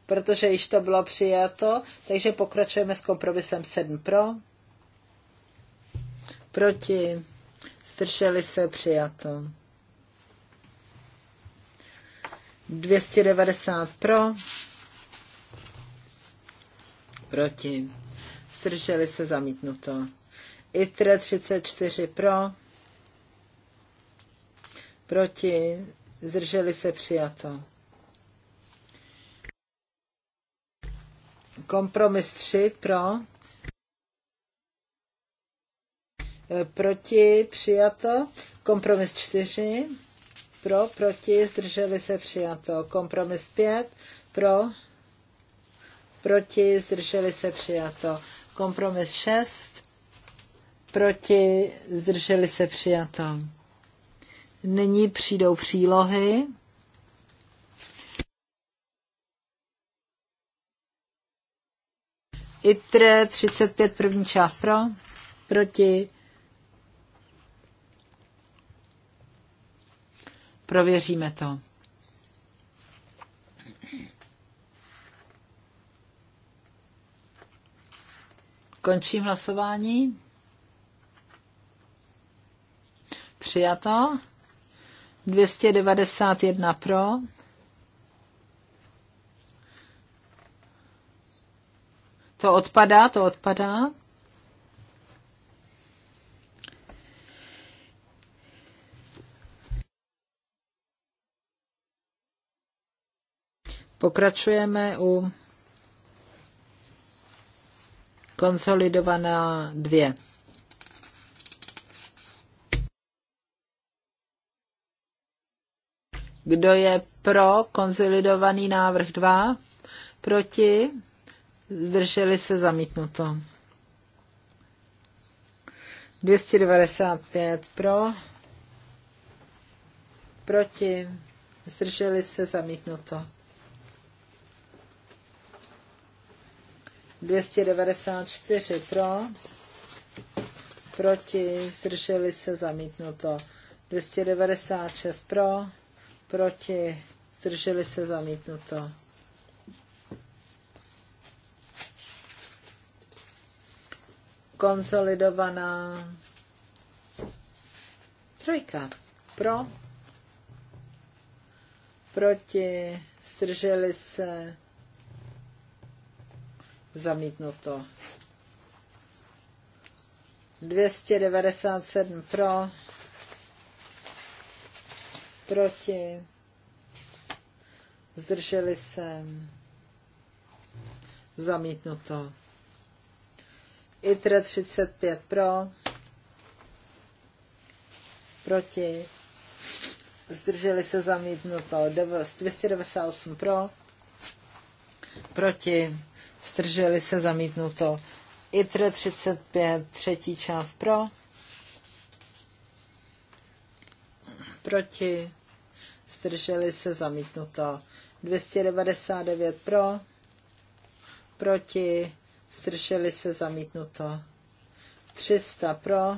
protože již to bylo přijato, takže pokračujeme s kompromisem 7 pro, proti, strželi se přijato. 290 pro, proti, Strželi se zamítnuto. ITRE 34 pro, proti, zdrželi se přijato. Kompromis 3 pro. E, proti přijato. Kompromis 4 pro, proti, zdrželi se přijato. Kompromis 5 pro, proti, zdrželi se přijato. Kompromis 6 proti, zdrželi se přijato. Nyní přijdou přílohy. ITRE 35 první část pro, proti. Prověříme to. Končím hlasování. Přijato. 291 pro. To odpadá, to odpadá. Pokračujeme u konsolidovaná dvě. Kdo je pro konsolidovaný návrh 2? Proti? zdrželi se zamítnuto. 295 pro, proti, zdrželi se zamítnuto. 294 pro, proti, zdrželi se zamítnuto. 296 pro, proti, zdrželi se zamítnuto. konsolidovaná trojka pro, proti, zdrželi se, zamítnuto. 297 pro, proti, zdrželi se, zamítnuto. ITRA 35 pro, proti, zdrželi se zamítnuto 298 pro, proti, zdrželi se zamítnuto ITRA 35 třetí část pro, proti, zdrželi se zamítnuto 299 pro, proti, zdrželi se zamítnuto. 300 pro,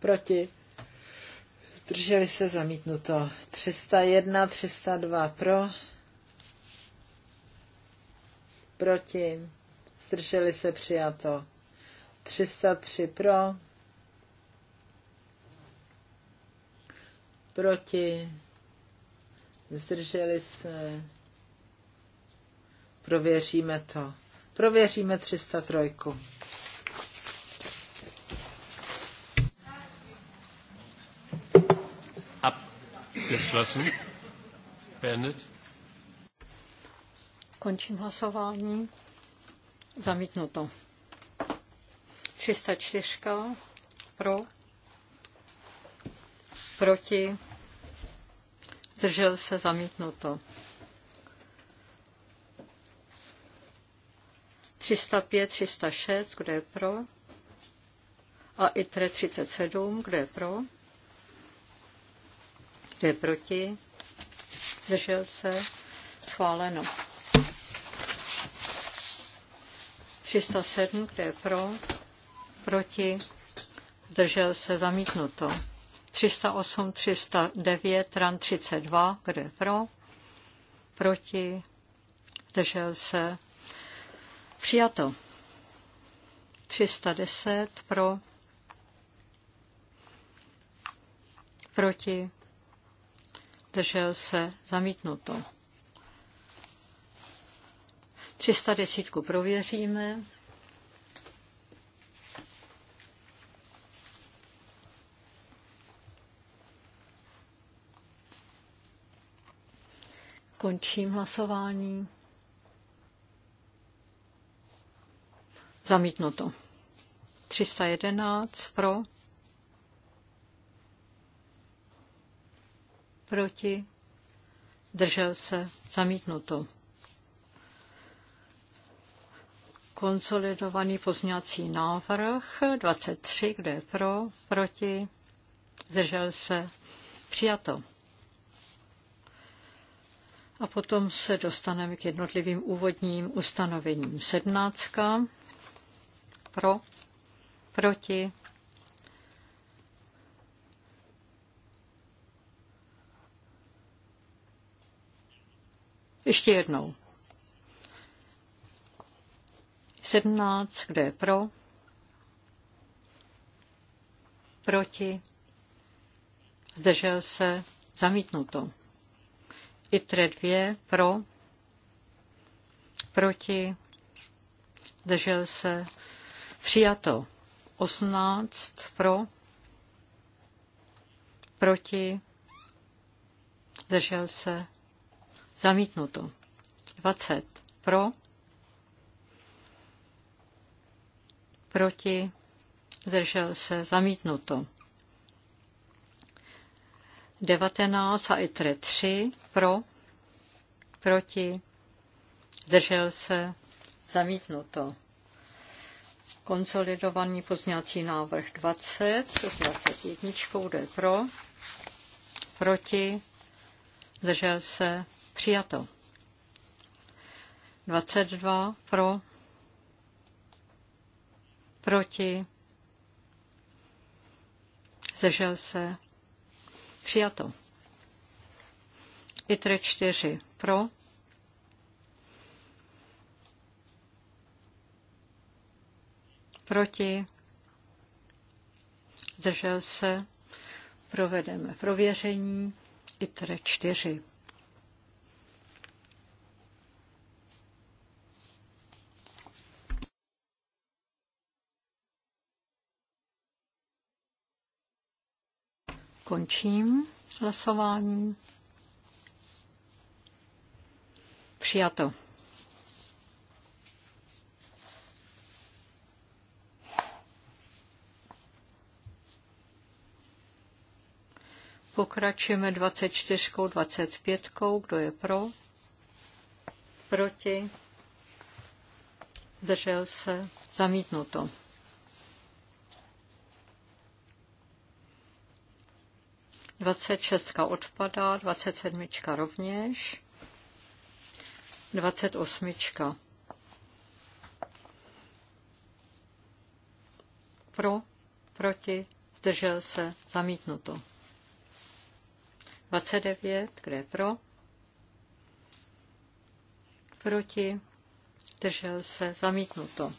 proti, zdrželi se zamítnuto. 301, 302 pro, proti, zdrželi se přijato. 303 pro, proti, zdrželi se Prověříme to. Prověříme 303. Geschlossen. Beendet. Končím hlasování. Zamítnuto. 304 pro, proti, držel se zamítnuto. 305, 306, kdo je pro? A i 37, kdo je pro? Kdo je proti? Držel se? Schváleno. 307, kdo je pro, proti, zdržel se zamítnuto. 308, 309, ran 32, kdo je pro, proti, zdržel se Přijato. 310 pro. Proti. Držel se. Zamítnuto. 310 prověříme. Končím hlasování. Zamítnuto. 311 pro. Proti. Držel se. Zamítnuto. Konsolidovaný pozňací návrh 23, kde je pro, proti, zdržel se, přijato. A potom se dostaneme k jednotlivým úvodním ustanovením. Sedmnáctka pro, proti, Ještě jednou. 17, kde je pro? Proti? Zdržel se? Zamítnuto. tre dvě, pro? Proti? Zdržel se? Přijato 18 pro, proti, zdržel se, zamítnuto. 20 pro, proti, zdržel se, zamítnuto. 19 a i 3 pro, proti, zdržel se, zamítnuto. Konsolidovaný pozněcí návrh 20 s 21. Kde je pro? Proti? Držel se? Přijato. 22 pro? Proti? Zdržel se? Přijato. ITRE 4 pro? proti, zdržel se, provedeme prověření, ITRE 4. Končím hlasování. Přijato. Pokračujeme 24, 25, kdo je pro, proti, Držel se, zamítnuto. Dvacet šestka odpadá, dvacet sedmička rovněž, dvacet osmička. Pro, proti, zdržel se, zamítnuto. 29, kde je pro, proti, držel se, zamítnuto.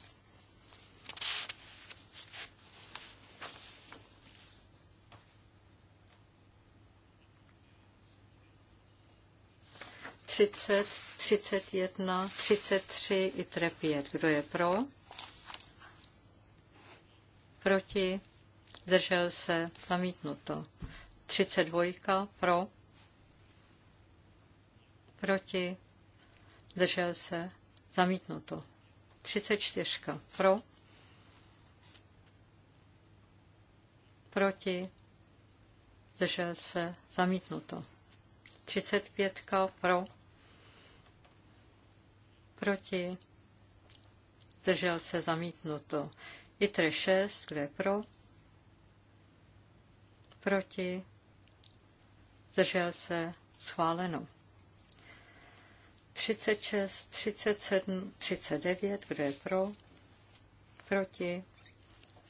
Třicet, třicet jedna, třicet tři i trepět. pět. Kdo je pro? Proti? Držel se? Zamítnuto. 32 pro, proti, držel se, zamítnuto. 34 pro, proti, zdržel se, zamítnuto. 35 pro, proti, zdržel se, zamítnuto. ITRE 6, je pro, proti, zdržel se, schváleno. 36, 37, 39, kdo je pro, proti,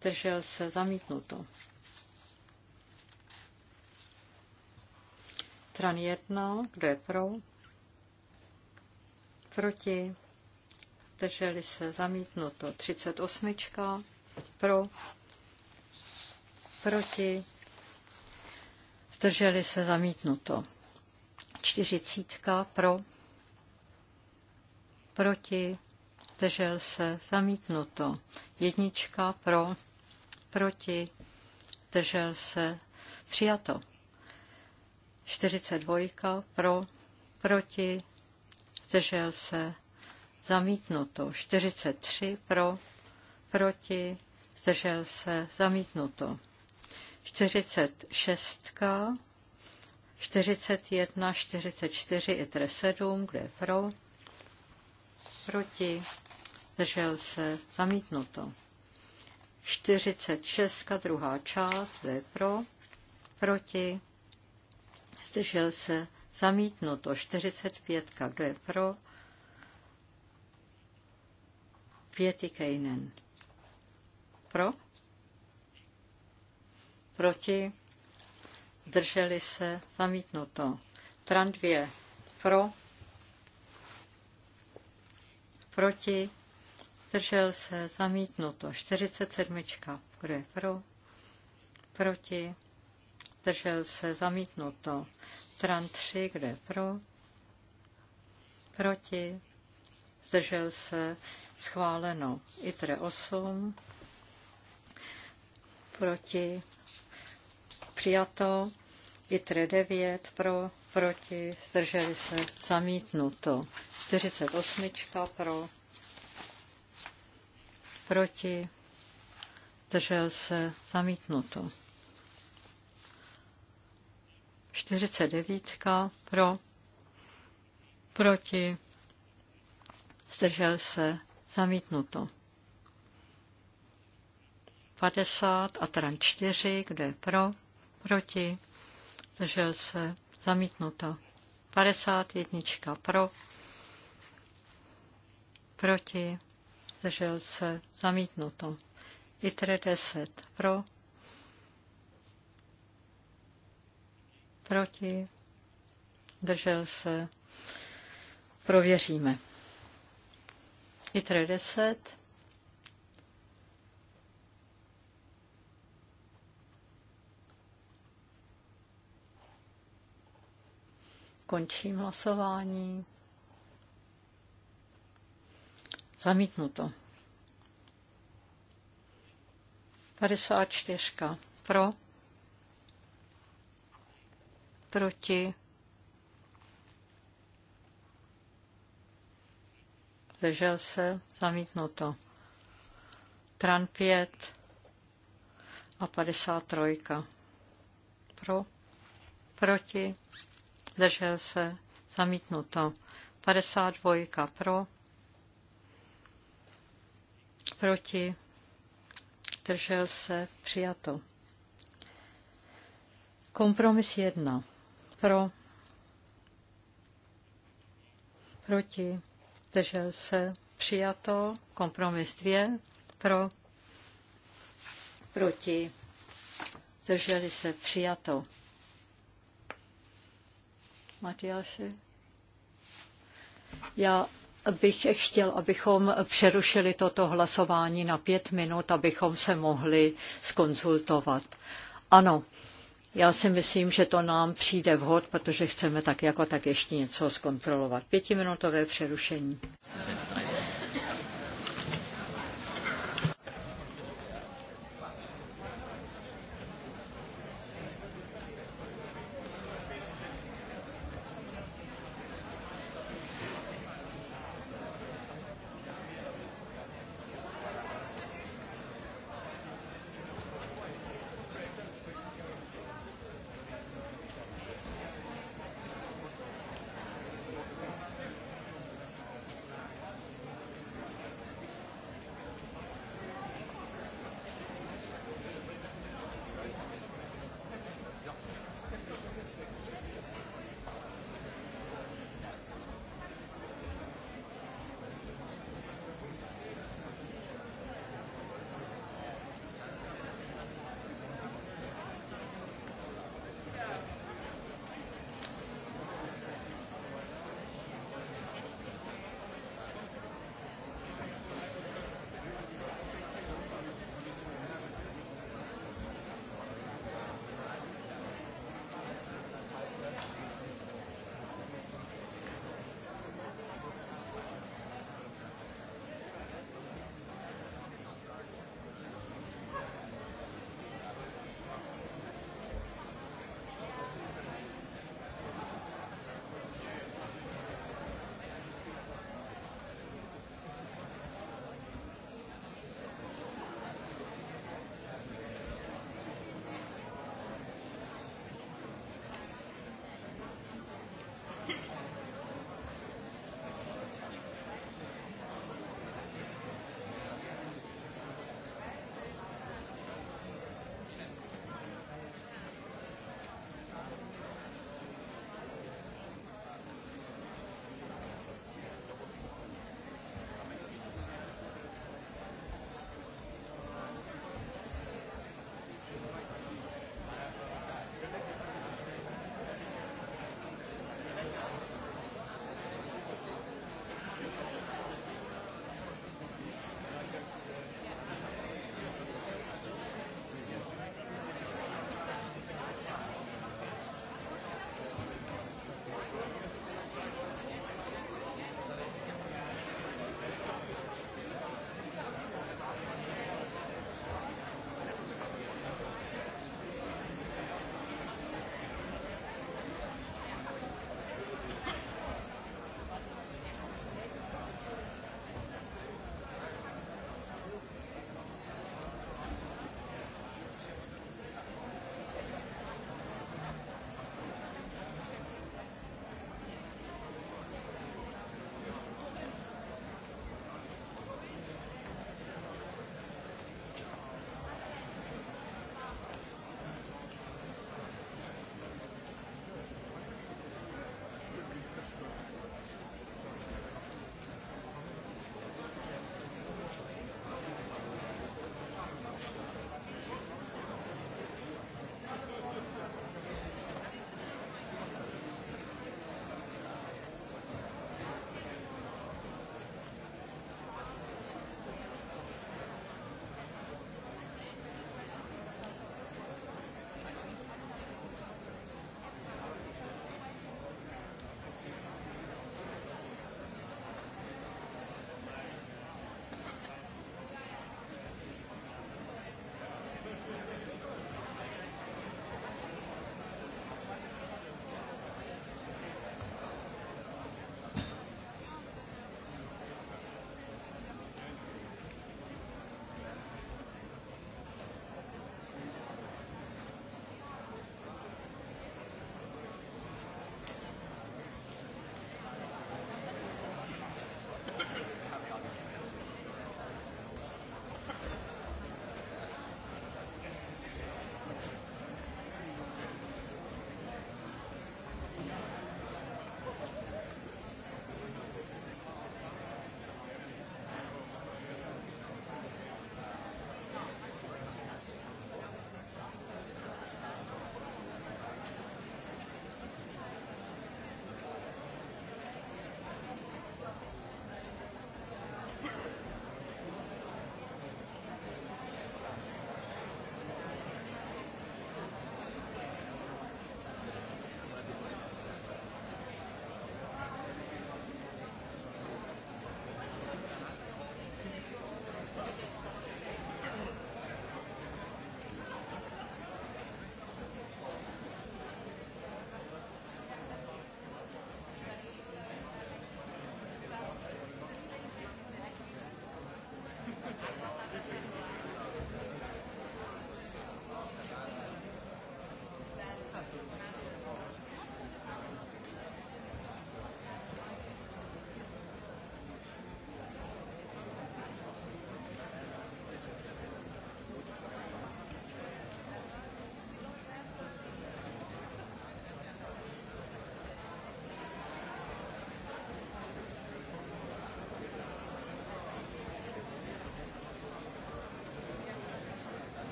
zdržel se, zamítnuto. Tran 1, kdo je pro, proti, drželi se, zamítnuto. 38, pro, proti, zdrželi se zamítnuto. Čtyřicítka pro, proti, zdržel se zamítnuto. Jednička pro, proti, zdržel se přijato. 42 pro, proti, zdržel se zamítnuto. 43 pro, proti, zdržel se zamítnuto. 46, 41, 44, ITR 7, kde je pro, proti, držel se, zamítnuto. 46, druhá část, kde je pro, proti, zdržel se, zamítnuto. 45, kdo je pro, Pětikejnen. Pro? proti, drželi se, zamítnuto. Tran 2 pro, proti, držel se, zamítnuto. 47. Kdo je pro? Proti. držel se, zamítnuto. Tran 3. Kdo je pro? Proti. Zdržel se, schváleno. ITRE 8. Proti přijato. i 9 pro, proti, zdrželi se, zamítnuto. 48 pro, proti, zdržel se, zamítnuto. 49 pro, proti, zdržel se, zamítnuto. 50 a tran 4, kde je pro, proti, zdržel se, zamítnuto. 51 pro, proti, zdržel se, zamítnuto. ITRE 10 pro, proti, držel se, prověříme. ITRE 10, Končím hlasování. Zamítnuto. 54. Pro. Proti. Zdržel se. Zamítnuto. Tran 5 a 53. Pro. Proti zdržel se, zamítnuto. 52 pro, proti, zdržel se, přijato. Kompromis 1 pro, proti, zdržel se, přijato. Kompromis 2 pro, proti, drželi se, přijato. Matiáše, Já bych chtěl, abychom přerušili toto hlasování na pět minut, abychom se mohli skonzultovat. Ano, já si myslím, že to nám přijde vhod, protože chceme tak jako tak ještě něco zkontrolovat. Pětiminutové přerušení.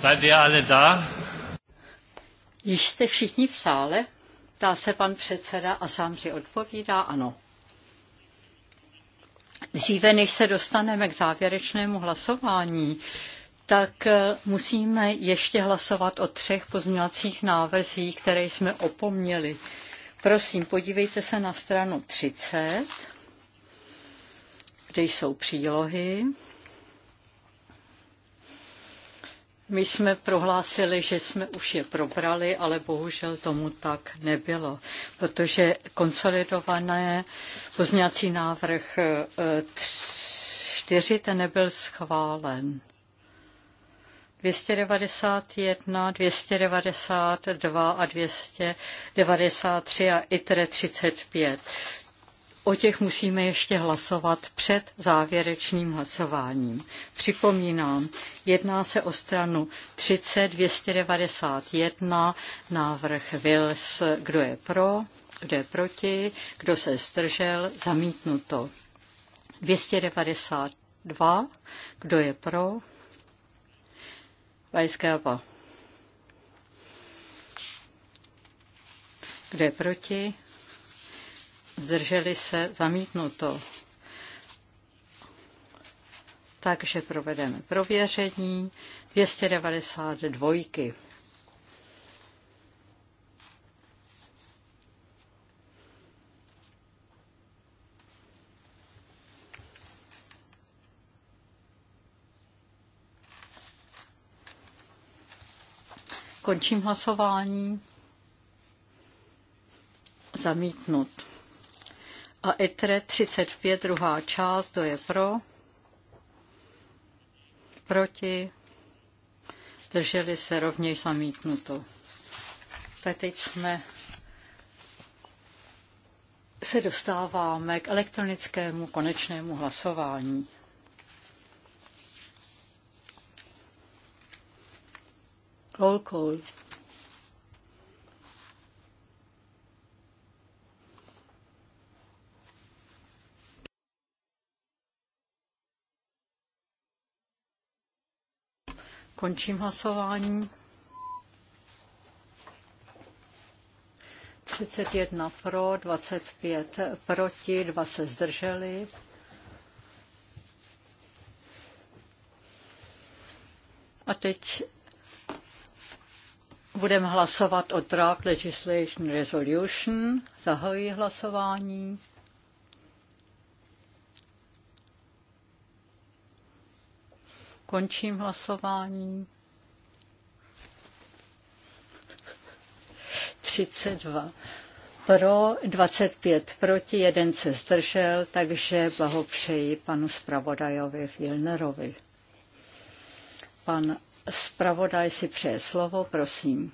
Seid ihr alle da? Již jste všichni v sále? Ptá se pan předseda a sám si odpovídá ano. Dříve, než se dostaneme k závěrečnému hlasování, tak eh, musíme ještě hlasovat o třech pozměňovacích návrzích, které jsme opomněli. Prosím, podívejte se na stranu 30, kde jsou přílohy. My jsme prohlásili, že jsme už je probrali, ale bohužel tomu tak nebylo, protože konsolidované pozňací návrh 4 eh, ten nebyl schválen. 291, 292 a 293 a ITRE 35. O těch musíme ještě hlasovat před závěrečným hlasováním. Připomínám, jedná se o stranu 3291 návrh Vils, kdo je pro, kdo je proti, kdo se zdržel, zamítnuto. 292, kdo je pro, Vajskáva. Kdo je proti? zdrželi se, zamítnuto. Takže provedeme prověření 292. Končím hlasování. Zamítnut a etre 35, druhá část, to je pro, proti, drželi se rovněž zamítnuto. Tak teď jsme se dostáváme k elektronickému konečnému hlasování. Roll call. Končím hlasování. 31 pro, 25 proti, 2 se zdrželi. A teď budeme hlasovat o Draft Legislation Resolution. Zahoji hlasování. Končím hlasování. 32 pro, 25 proti, jeden se zdržel, takže blahopřeji panu zpravodajovi Filnerovi. Pan zpravodaj si přeje slovo, prosím.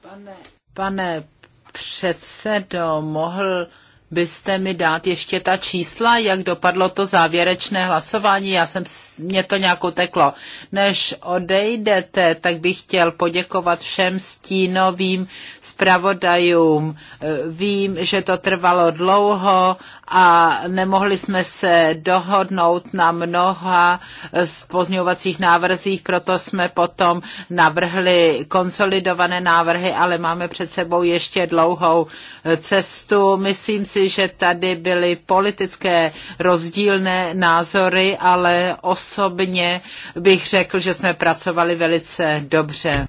Pane, pane předsedo, mohl byste mi dát ještě ta čísla, jak dopadlo to závěrečné hlasování. Já jsem, mě to nějak uteklo. Než odejdete, tak bych chtěl poděkovat všem stínovým zpravodajům. Eh, Vím, že to trvalo dlouho a nemohli jsme se dohodnout na mnoha z pozňovacích návrzích, proto jsme potom navrhli konsolidované návrhy, ale máme před sebou ještě dlouhou eh, cestu. Myslím si, si, že tady byly politické rozdílné názory, ale osobně bych řekl, že jsme pracovali velice dobře.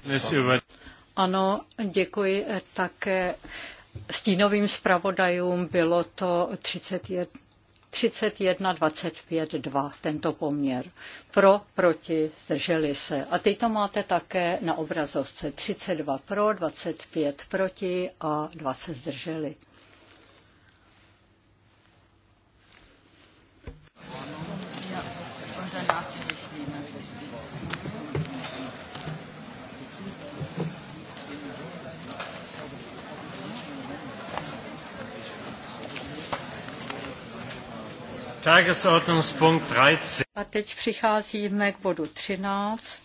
Ano, děkuji také stínovým zpravodajům. Bylo to 31 25, 2, tento poměr. Pro, proti, zdrželi se. A teď to máte také na obrazovce. 32 pro, 25 proti a 20 zdrželi. Tagesordnungspunkt 13. A teď přicházíme k bodu 13.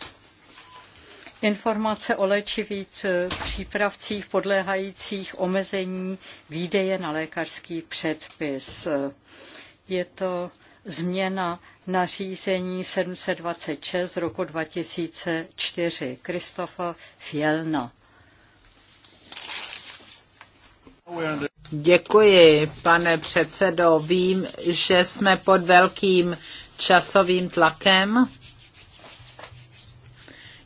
Informace o léčivých přípravcích podléhajících omezení výdeje na lékařský předpis. Je to změna nařízení 726 z roku 2004. Kristofa Fielna. Děkuji, pane předsedo. Vím, že jsme pod velkým časovým tlakem.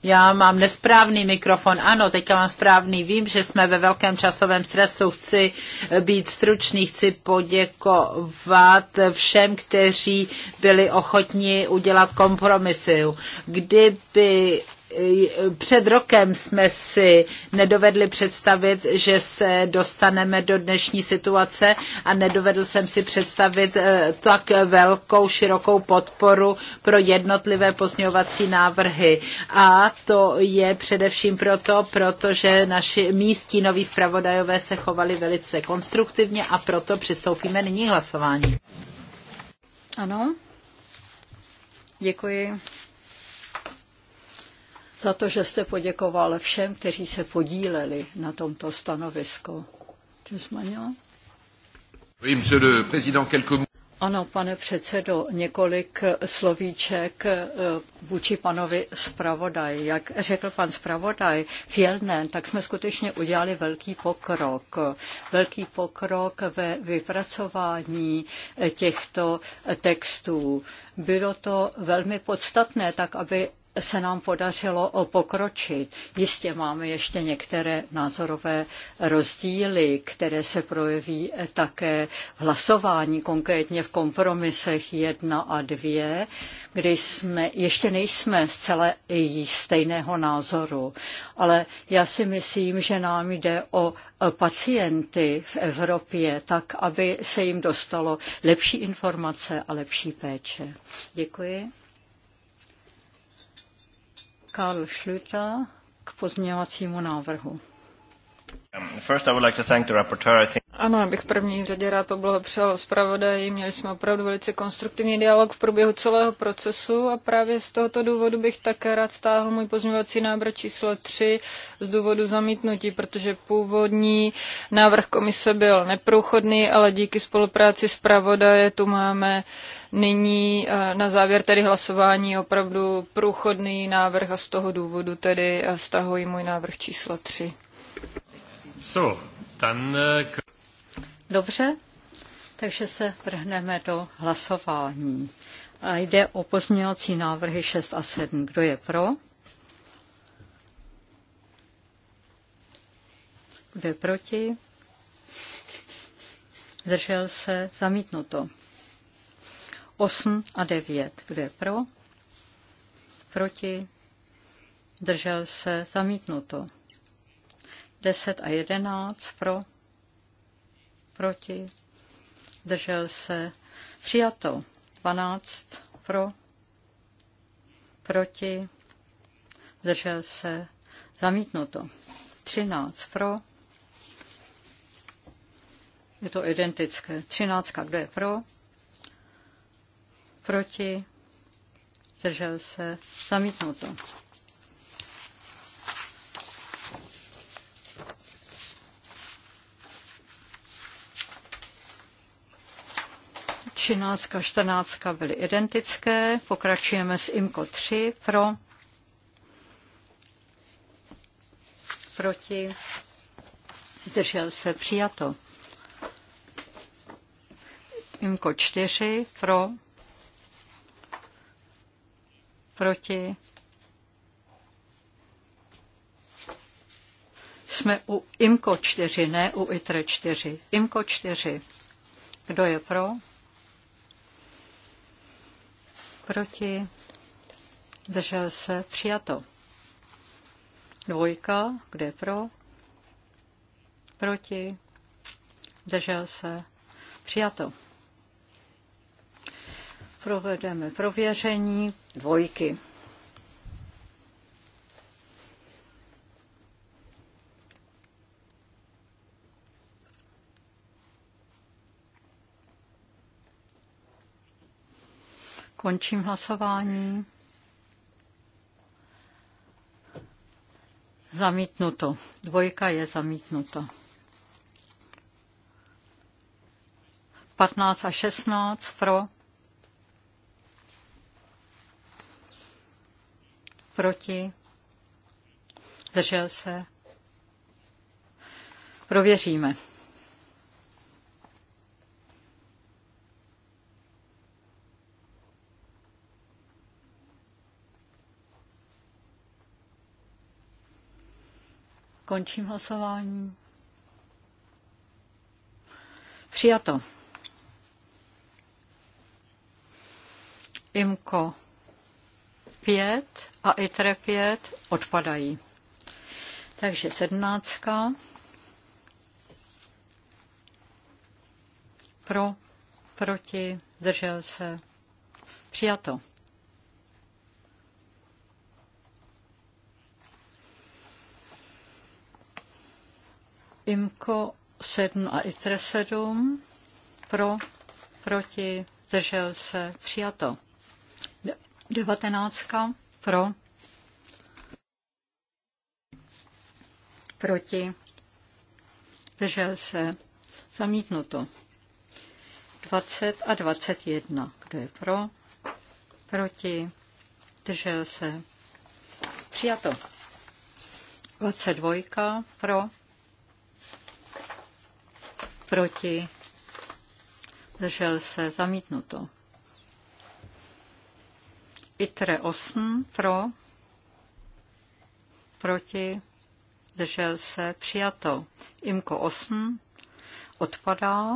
Já mám nesprávný mikrofon. Ano, teďka mám správný. Vím, že jsme ve velkém časovém stresu. Chci být stručný, chci poděkovat všem, kteří byli ochotni udělat kompromisy. Kdyby před rokem jsme si nedovedli představit, že se dostaneme do dnešní situace a nedovedl jsem si představit eh, tak velkou, širokou podporu pro jednotlivé pozměňovací návrhy. A to je především proto, protože naši místí noví zpravodajové se chovali velice konstruktivně a proto přistoupíme nyní hlasování. Ano. Děkuji za to, že jste poděkoval všem, kteří se podíleli na tomto stanovisku. Ano, pane předsedo, několik slovíček eh, vůči panovi zpravodaj. Jak řekl pan zpravodaj Fjellner, tak jsme skutečně udělali velký pokrok. Velký pokrok ve vypracování eh, těchto eh, textů. Bylo to velmi podstatné, tak aby se nám podařilo pokročit. Jistě máme ještě některé názorové rozdíly, které se projeví také v hlasování, konkrétně v kompromisech 1 a 2, kdy jsme, ještě nejsme zcela stejného názoru. Ale já si myslím, že nám jde o pacienty v Evropě, tak aby se jim dostalo lepší informace a lepší péče. Děkuji. Karl Schlüter k pozměňovacímu návrhu. Um, ano, já bych v první řadě rád poblahopřál zpravodaji. Měli jsme opravdu velice konstruktivní dialog v průběhu celého procesu a právě z tohoto důvodu bych také rád stáhl můj pozměňovací návrh číslo 3 z důvodu zamítnutí, protože původní návrh komise byl neprůchodný, ale díky spolupráci zpravodaje tu máme nyní eh, na závěr tedy hlasování opravdu průchodný návrh a z toho důvodu tedy eh, stahuji můj návrh číslo 3. So, dann, eh, Dobře, takže se vrhneme do hlasování. A jde o pozměňovací návrhy 6 a 7. Kdo je pro? Kdo je proti? Zdržel se? Zamítnuto. 8 a 9. Kdo je pro? Proti? Držel se? Zamítnuto. 10 a 11 pro, proti, držel se, přijato 12 pro, proti, držel se, zamítnuto 13 pro, je to identické, 13, kdo je pro, proti, držel se, zamítnuto. 13 a 14 byly identické. Pokračujeme s IMCO 3 pro, proti, zdržel se přijato. IMCO 4 pro, proti, jsme u IMCO 4, ne u ITRE 4. IMCO 4. Kdo je pro? proti, držel se, přijato. Dvojka, kde je pro, proti, držel se, přijato. Provedeme prověření dvojky. Končím hlasování. Zamítnuto. Dvojka je zamítnuto. 15 a 16 pro. Proti. Držel se. Prověříme. Končím hlasování. Přijato. IMKO 5 a ITRE 5 odpadají. Takže sedmnáctka pro, proti, držel se, přijato. IMKO 7 a ITRE 7 pro, proti, držel se, přijato. Devatenáctka pro, proti, držel se, zamítnuto. 20 a 21. Kdo je pro? Proti? Držel se? Přijato. 22. Pro? proti, zdržel se, zamítnuto. ITRE 8 pro, proti, zdržel se, přijato. IMKO 8 odpadá,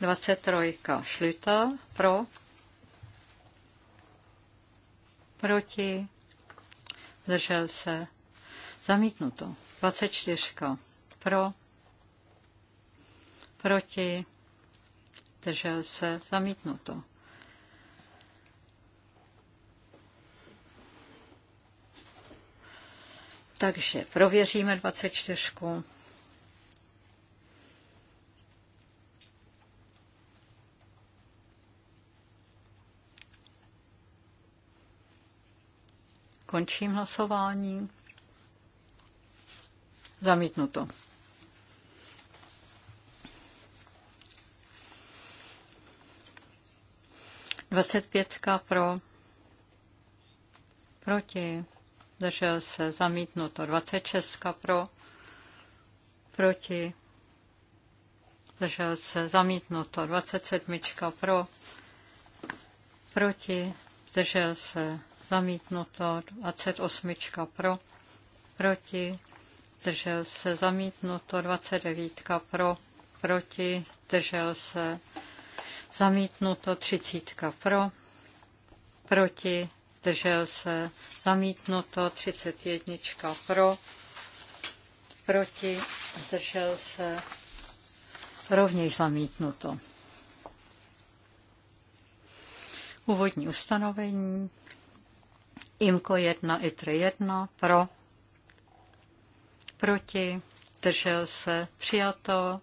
23 šlita pro, proti, zdržel se, zamítnuto. 24 pro, proti, držel se, zamítnuto. Takže prověříme 24. Končím hlasování. Zamítnuto. 25 pro, proti, Držel se, zamítnuto. 26 pro, proti, Držel se, zamítnuto. 27 pro, proti, Držel se, zamítnuto. 28 pro, proti, Držel se, zamítnuto. 29 pro, proti, Držel se, zamítnuto, třicítka pro, proti, zdržel se, zamítnuto, 31 pro, proti, zdržel se, rovněž zamítnuto. Úvodní ustanovení, IMKO 1, ITRE 1, pro, proti, zdržel se, přijato,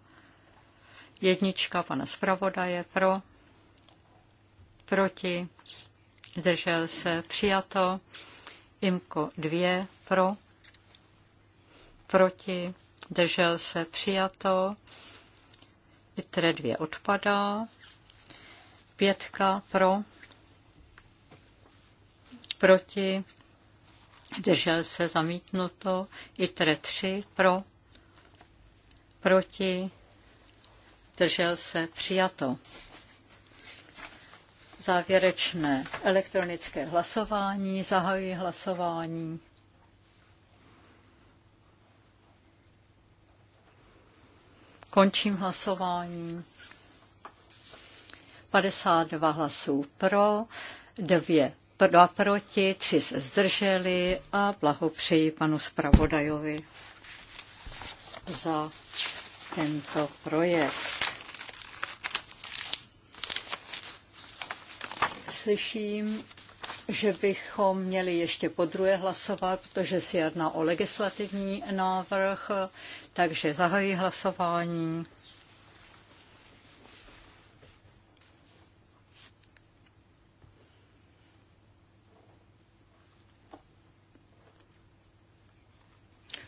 Jednička pana zpravodaje pro, proti, zdržel se, přijato. Imko dvě pro, proti, držel se, přijato. ITRE dvě odpadá. Pětka pro, proti, držel se, zamítnuto. ITRE tři pro, proti, zdržel se, přijato. Závěrečné elektronické hlasování, zahajuji hlasování. Končím hlasování. 52 hlasů pro, 2 dva proti, tři se zdrželi a blahopřeji panu zpravodajovi za tento projekt. slyším, že bychom měli ještě po druhé hlasovat, protože se jedná o legislativní návrh, takže zahají hlasování.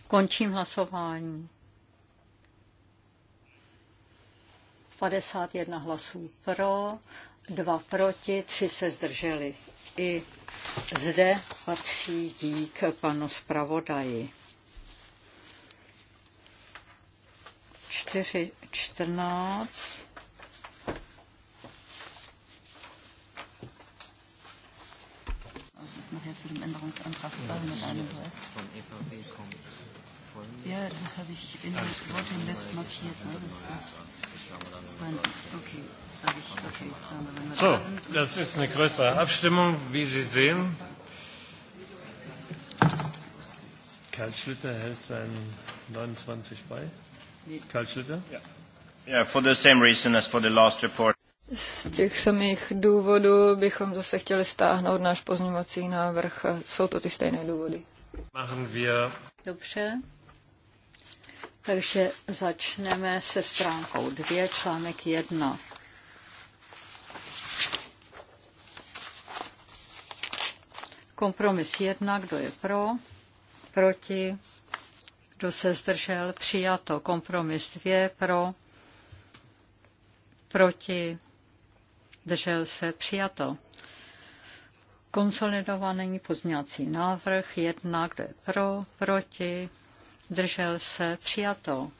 Končím hlasování. 51 hlasů pro, dva proti, tři se zdrželi. I zde patří dík panu zpravodaji. 4, 14. ist nachher zu dem Änderungsantrag e e Ja, das habe ich in das Wort markiert. Ne? Das ist 200. Okay. So, das ist eine größere Abstimmung, wie Sie sehen. Karl Schlüter hält seinen 29 bei. Karl Schlüter? Ja. Yeah, for the same reason as for the last report. Z těch samých důvodů bychom zase chtěli stáhnout náš pozměňovací návrh. Jsou to ty stejné důvody. Dobře. Takže začneme se stránkou 2, článek 1. Kompromis jedna, kdo je pro, proti, kdo se zdržel, přijato. Kompromis dvě pro, proti, držel se, přijato. Konsolidovaný pozměňovací návrh jedna, kdo je pro, proti, držel se, přijato.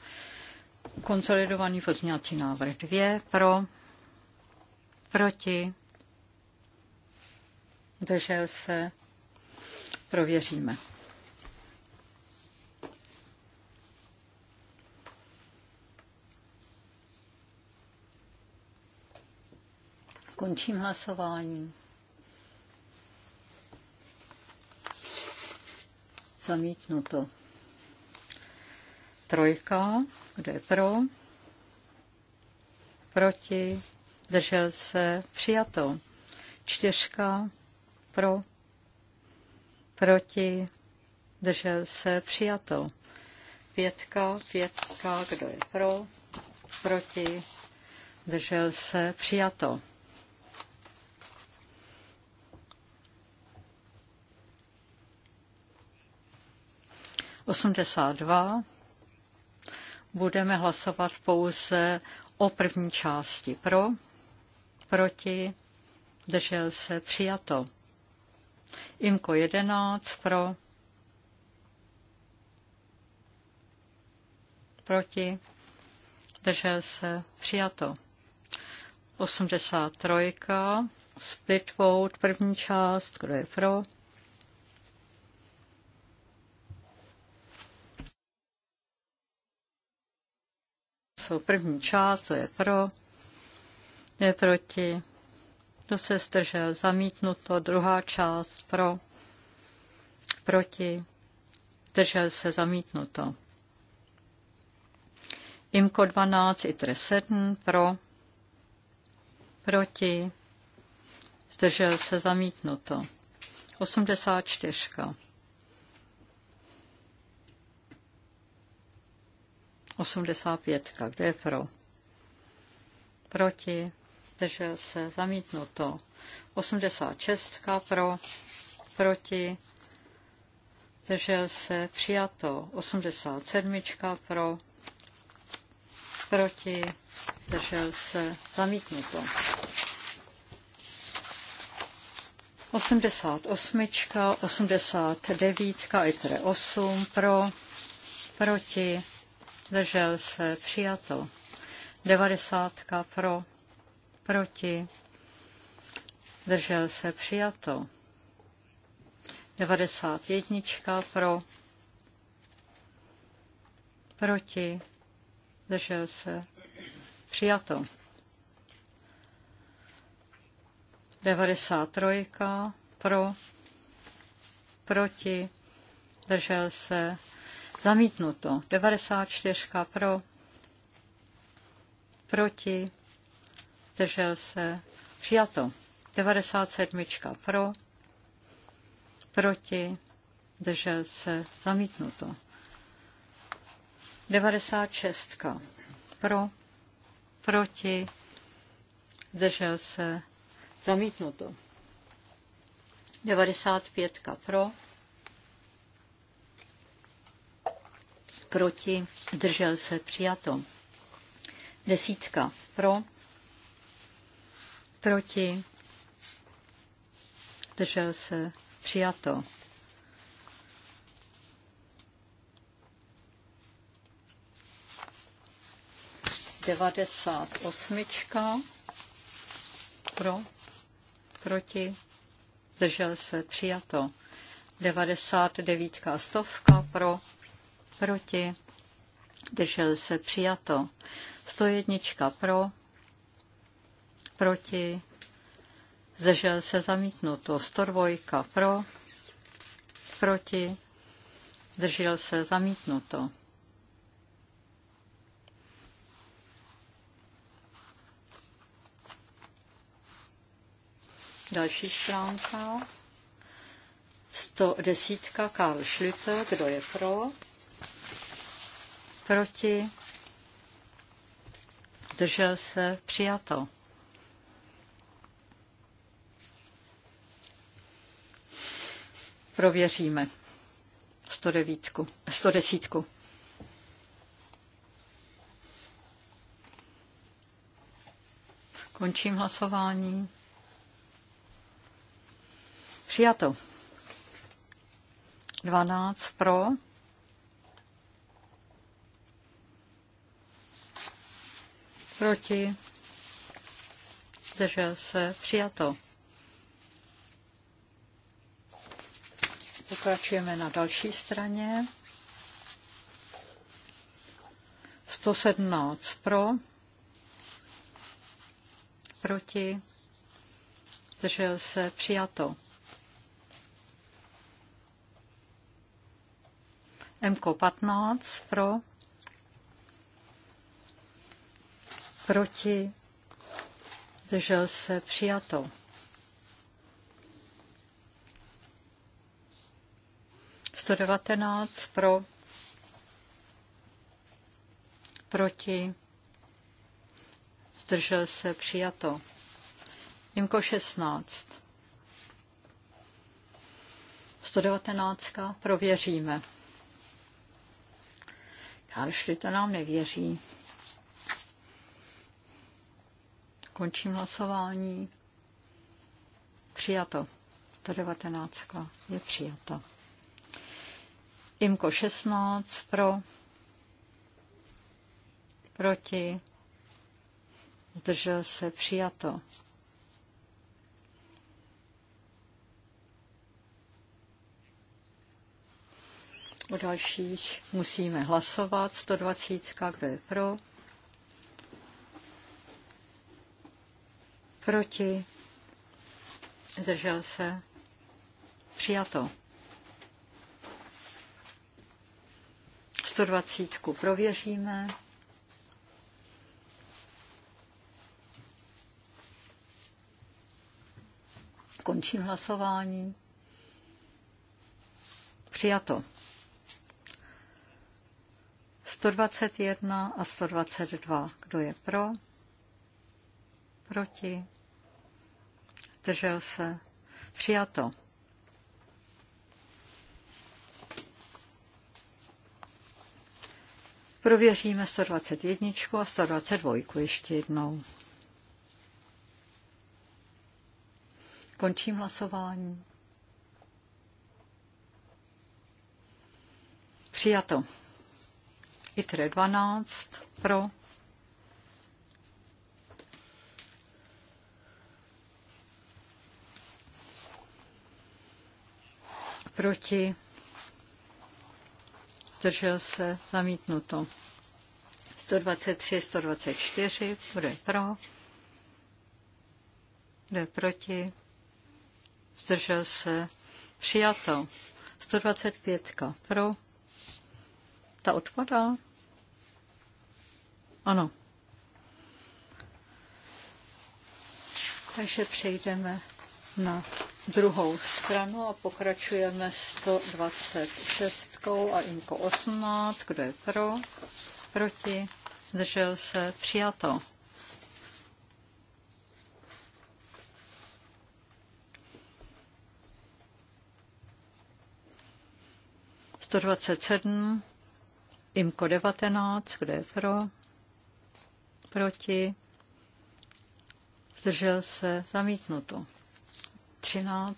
Konsolidovaný pozměňovací návrh dvě pro, proti, držel se, Prověříme. Končím hlasování. Zamítnuto. Trojka, kdo je pro? Proti, držel se, přijato. Čtyřka, pro, proti, držel se, přijato. Pětka, pětka, kdo je pro, proti, držel se, přijato. Osmdesát dva. Budeme hlasovat pouze o první části pro, proti, držel se, přijato. Imko 11 pro. Proti. Držel se. Přijato. 83. Split vote, první část. Kdo je pro? první část, to je pro, je proti kdo se zdržel? Zamítnuto. Druhá část pro. Proti. Zdržel se zamítnuto. Imko 12, ITRE 7 pro. Proti. Zdržel se zamítnuto. 84. 85. Kdo je pro? Proti? zdržel se, zamítnuto. 86 pro, proti, zdržel se, přijato. 87 pro, proti, zdržel se, zamítnuto. 88, 89, ITRE 8 pro, proti, zdržel se, přijato. 90 pro, proti, držel se přijato. 91 pro, proti, držel se přijato. 93 pro, proti, držel se zamítnuto. 94 pro, proti, zdržel se, přijato. 97 pro, proti, držel se, zamítnuto. 96 pro, proti, držel se, zamítnuto. 95 pro, proti, držel se, přijato. Desítka pro, proti, držel se, přijato. Devadesát osmička pro, proti, držel se, přijato. Devadesát devítka stovka pro, proti, držel se přijato. jednička. pro, proti, zdržel se zamítnuto. 102 pro, proti, zdržel se zamítnuto. Další stránka. 110. Karl Schlüter. Kdo je pro? Proti? Držel se? Přijato. Prověříme. 109. 110. Končím hlasování. Přijato. 12 pro. Proti. Zdržel se. Přijato. Pokračujeme na další straně. 117 pro, proti, držel se, přijato. MK 15 pro, proti, držel se, přijato. 119 pro, proti, zdržel se, přijato. Jimko 16. 119. Prověříme. Karšli to nám nevěří. Končím hlasování. Přijato. 119. Je přijato. Imko 16 pro, proti, zdržel se přijato. O dalších musíme hlasovat. 120, kdo je pro? Proti? Zdržel se? Přijato. 120 prověříme. Končím hlasování. Přijato. 121 a 122. Kdo je pro? Proti? Držel se? Přijato. Prověříme 121 a 122 ještě jednou. Končím hlasování. Přijato. ITRE 12 pro. Proti zdržel se, zamítnuto. 123, 124, bude pro, bude proti, zdržel se, přijato. 125 pro, ta odpadá? Ano. Takže přejdeme na druhou stranu a pokračujeme 126 a Inko 18. Kdo je pro? Proti? Zdržel se? Přijato. Sto dvacet sedm, Imko devatenáct, kde je pro, proti, zdržel se, zamítnuto. 13.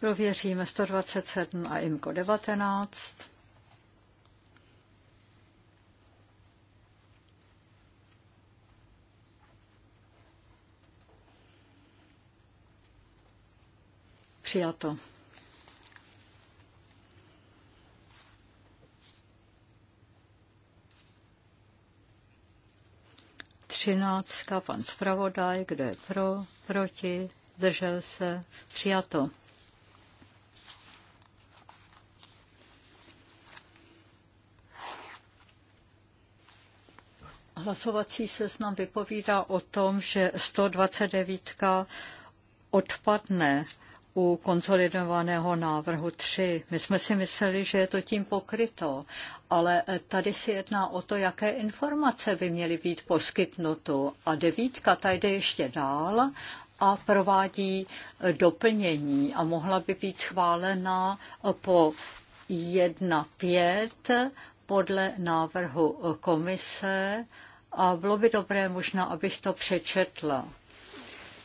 Prověříme 127 a IMKO 19. Přijato. 13. Pan zpravodaj, kdo je pro, proti, zdržel se, přijato. Hlasovací seznam vypovídá o tom, že 129 odpadne u konsolidovaného návrhu 3. My jsme si mysleli, že je to tím pokryto, ale tady si jedná o to, jaké informace by měly být poskytnuto. A devítka ta jde ještě dál a provádí doplnění a mohla by být schválena po 1.5 podle návrhu komise a bylo by dobré možná, abych to přečetla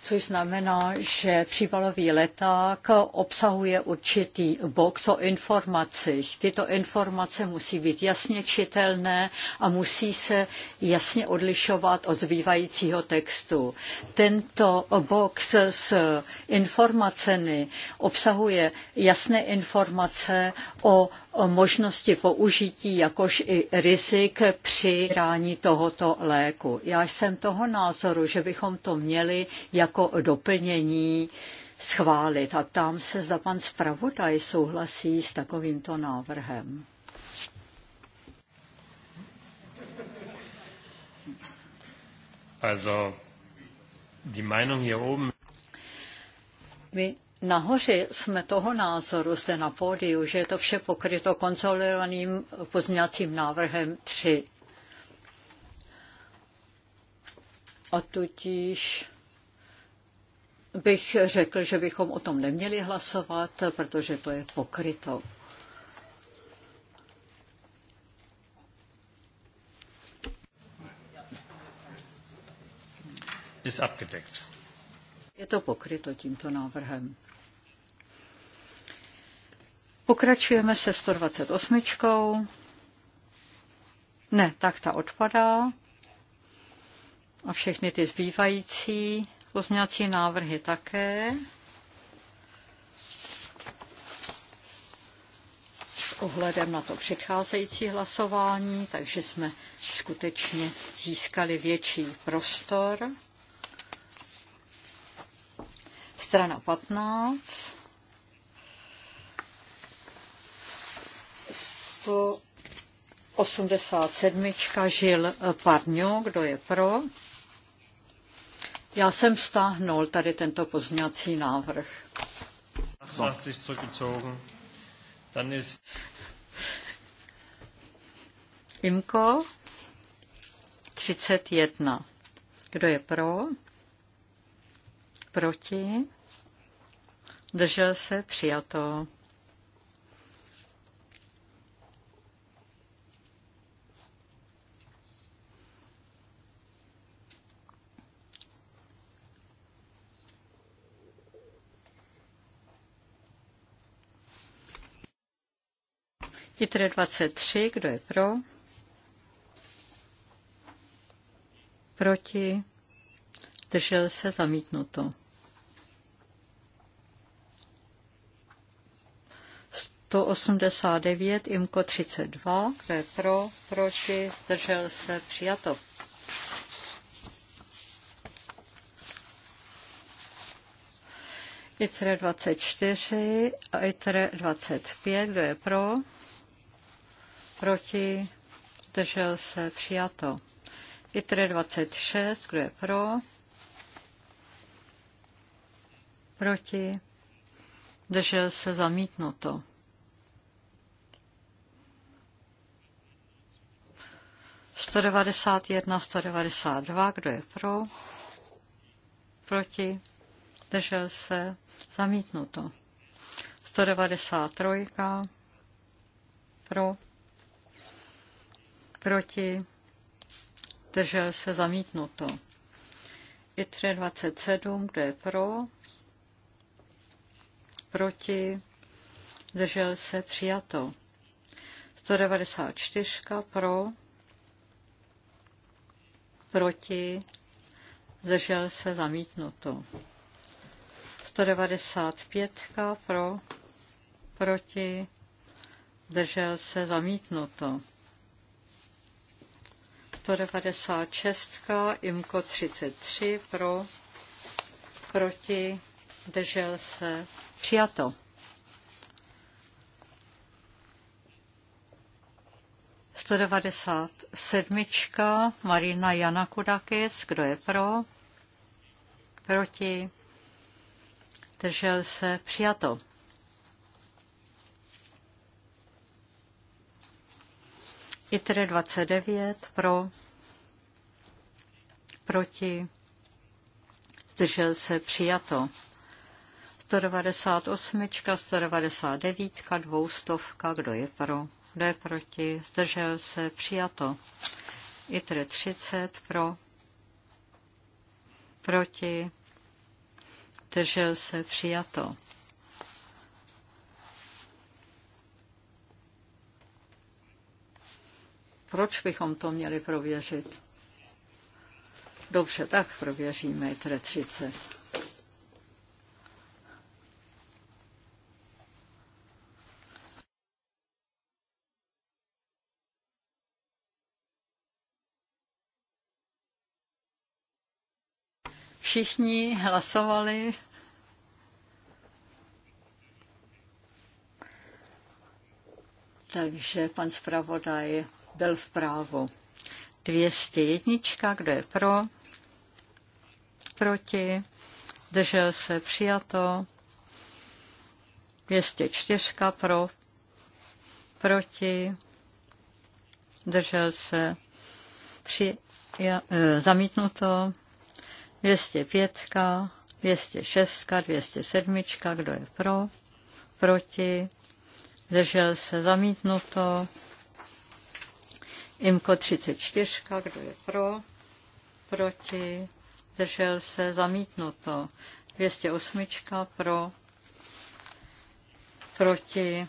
což znamená, že příbalový leták obsahuje určitý box o informacích. Tyto informace musí být jasně čitelné a musí se jasně odlišovat od zbývajícího textu. Tento box s informacemi obsahuje jasné informace o o možnosti použití, jakož i rizik při rání tohoto léku. Já jsem toho názoru, že bychom to měli jako doplnění schválit. A tam se, zda pan zpravodaj souhlasí s takovýmto návrhem. Also, die Meinung hier oben. My Nahoře jsme toho názoru zde na pódiu, že je to vše pokryto konsolidovaným pozměňovacím návrhem 3. A tudíž bych řekl, že bychom o tom neměli hlasovat, protože to je pokryto. Je to pokryto tímto návrhem. Pokračujeme se 128. Ne, tak ta odpadá. A všechny ty zbývající pozměňovací návrhy také. S ohledem na to předcházející hlasování, takže jsme skutečně získali větší prostor. Strana 15. 87. Jako žil eh, Parňo, kdo je pro. Já jsem stáhnul tady tento pozměňovací návrh. Imko 31. Kdo je pro? Proti? Držel se? Přijato. ITRE 23, kdo je pro? Proti? Držel se zamítnuto. 189, IMKO 32, kdo je pro, proti, zdržel se, přijato. ITRE 24 a ITRE 25, kdo je pro, proti, zdržel se, přijato. ITRE 26, kdo je pro, proti, zdržel se, zamítnuto. Sto devadesát jedna, sto devadesát dva, kdo je pro, proti, držel se, zamítnuto. Sto devadesát trojka, pro, proti, držel se zamítnuto. I 27, kdo je pro, proti, držel se přijato. 194 pro, proti, zdržel se zamítnuto. 195 pro, proti, zdržel se zamítnuto. 196, IMKO 33 pro, proti, držel se, přijato. sedmička Marina Jana Kudakis, kdo je pro? Proti? Držel se přijato. ITRE 29 pro, proti, zdržel se přijato. 198, 199, dvoustovka, kdo je pro, kdo je proti, zdržel se přijato. ITRE 30 pro, proti, zdržel se přijato. Proč bychom to měli prověřit? Dobře, tak prověříme ITRE Všichni hlasovali Takže pan zpravodaj byl v právu. 201, kdo je pro, proti, držel se přijato, 204 pro, proti, držel se při, ja, e, zamítnuto, 205, 206, 207, kdo je pro, proti, držel se zamítnuto, Imko 34, kdo je pro, proti, držel se, zamítnuto. 208 pro, proti,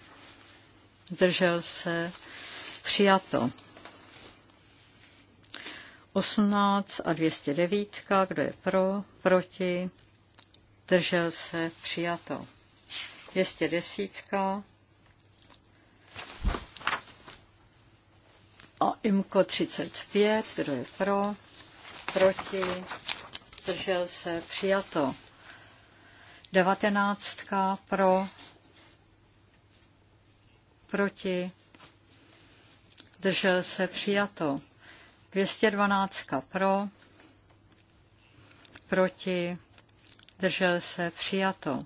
držel se, přijato. 18 a 209, kdo je pro, proti, držel se, přijato. 210 A IMKO 35, kdo je pro, proti, držel se, přijato. Devatenáctka pro, proti, držel se, přijato. 212 pro, proti, držel se, přijato.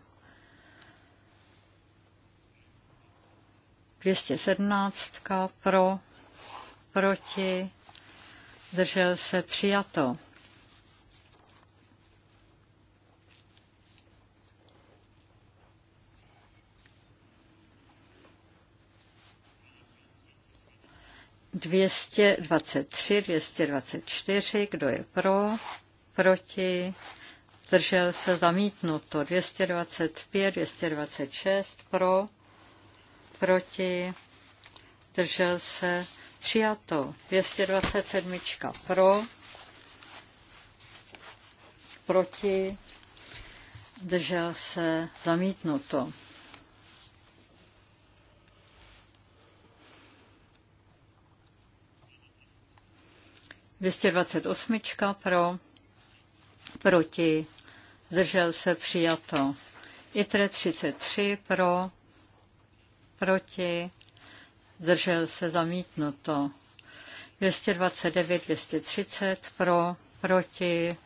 217 pro, proti, zdržel se přijato. Dvěstě dvacet tři, dvěstě dvacet čtyři, kdo je pro, proti, držel se zamítnuto, dvacet šest. pro, proti, držel se Přijato 227 pro, proti, držel se zamítnuto. Dvěstě dvacet osmička pro, proti, držel se přijato. ITRE 33 pro, proti, zdržel se zamítnuto. 229, 230 pro, proti,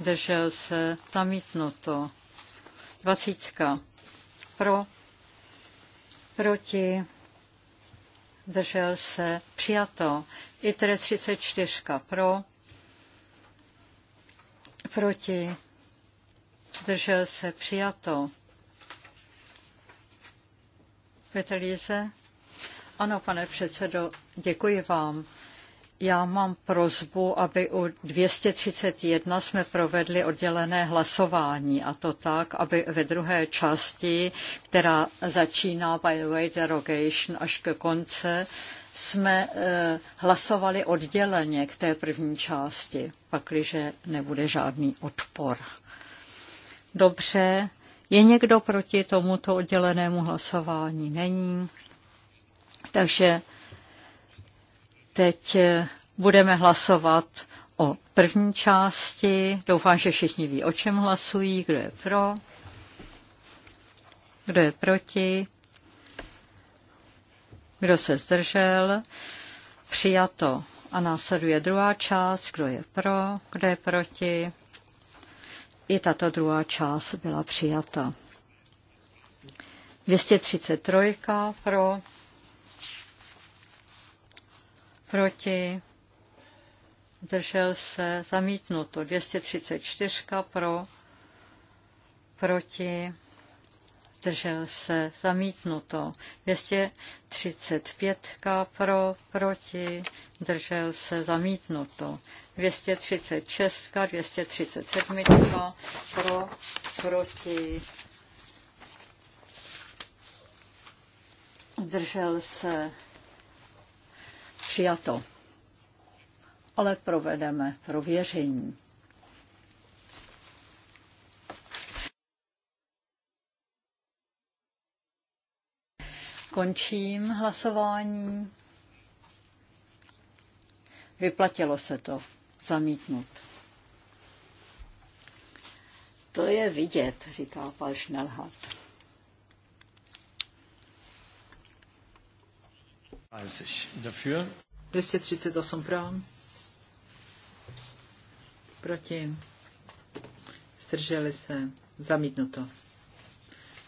držel se zamítnuto. 20 pro, proti, držel se přijato. tedy 34 pro, proti, držel se přijato. Petr Líze, ano, pane předsedo, děkuji vám. Já mám prozbu, aby u 231 jsme provedli oddělené hlasování a to tak, aby ve druhé části, která začíná by the way derogation až ke konce, jsme eh, hlasovali odděleně k té první části, pakliže nebude žádný odpor. Dobře, je někdo proti tomuto oddělenému hlasování? Není. Takže teď eh, budeme hlasovat o první části. Doufám, že všichni ví, o čem hlasují, kdo je pro, kdo je proti, kdo se zdržel. Přijato. A následuje druhá část, kdo je pro, kdo je proti. I tato druhá část byla přijata. 233 pro, proti, zdržel se, zamítnuto 234 pro, proti, zdržel se, zamítnuto 235 pro, proti, zdržel se, zamítnuto 236, 237 pro, proti, zdržel se, přijato. Ale provedeme prověření. Končím hlasování. Vyplatilo se to zamítnut. To je vidět, říká pan Schnellhardt. Dafür. 238 pro. Proti. Zdrželi se. Zamítnuto.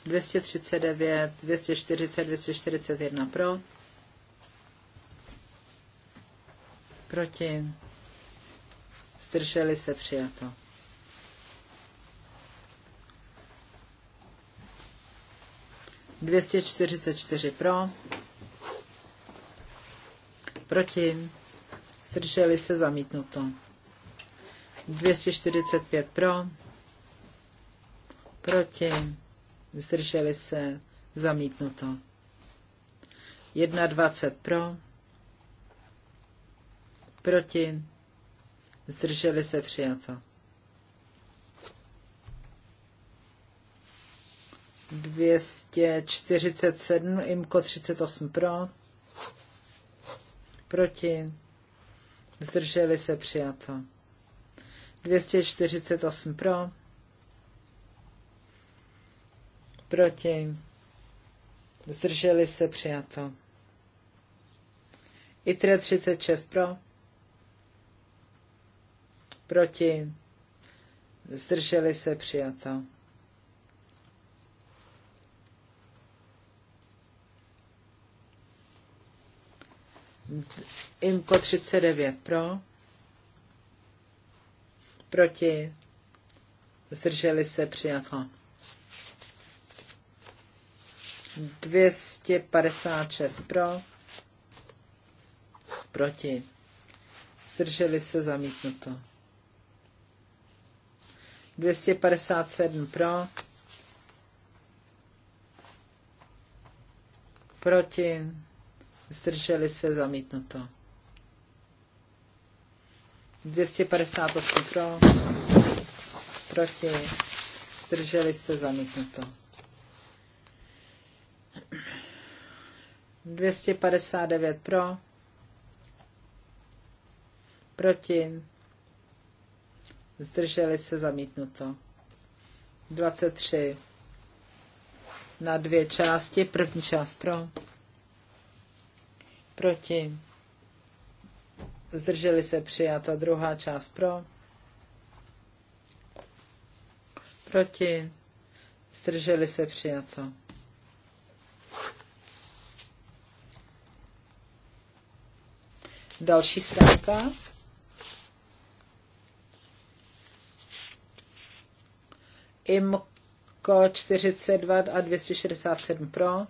239, 240, 241 pro. Proti. Zdrželi se přijato. Dvěstě čtyřicet čtyři pro proti, zdrželi se zamítnuto. 245 pro, proti, zdrželi se zamítnuto. 21 pro, proti, zdrželi se přijato. 247, IMKO 38 pro, proti, zdrželi se přijato. 248 pro, proti, zdrželi se přijato. ITRE 36 pro, proti, zdrželi se přijato. Imko 39 pro. Proti. Zdrželi se přijato. 256 pro. Proti. Zdrželi se zamítnuto. 257 pro. Proti zdrželi se zamítnuto. 258 pro, proti, zdrželi se zamítnuto. 259 pro, proti, zdrželi se zamítnuto. 23 na dvě části, první část pro, proti, zdrželi se přijata druhá část pro, proti, zdrželi se přijato. Další stránka. IMCO 42 a 267 pro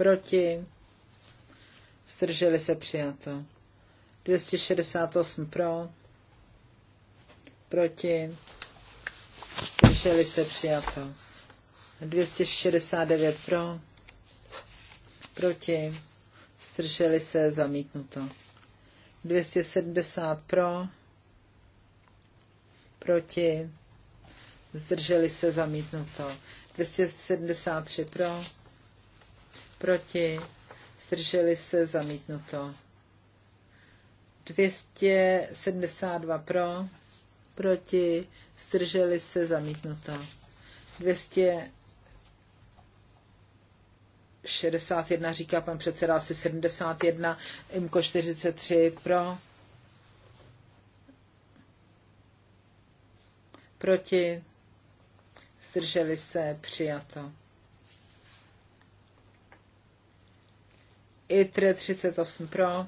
proti, zdrželi se přijato. 268 pro, proti, zdrželi se přijato. 269 pro, proti, zdrželi se zamítnuto. 270 pro, proti, zdrželi se zamítnuto. 273 pro, proti, zdrželi se, zamítnuto. 272 pro, proti, zdrželi se, zamítnuto. 261 říká pan předseda, asi 71, IMKO 43 pro, proti, zdrželi se, přijato. i 38 pro,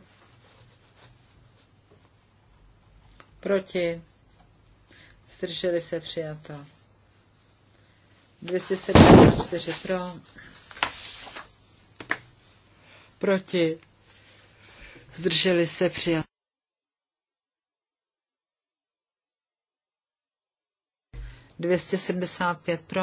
proti, zdrželi se přijata. 274 pro, proti, zdrželi se přijata. Dvěstě sedmdesát pět pro.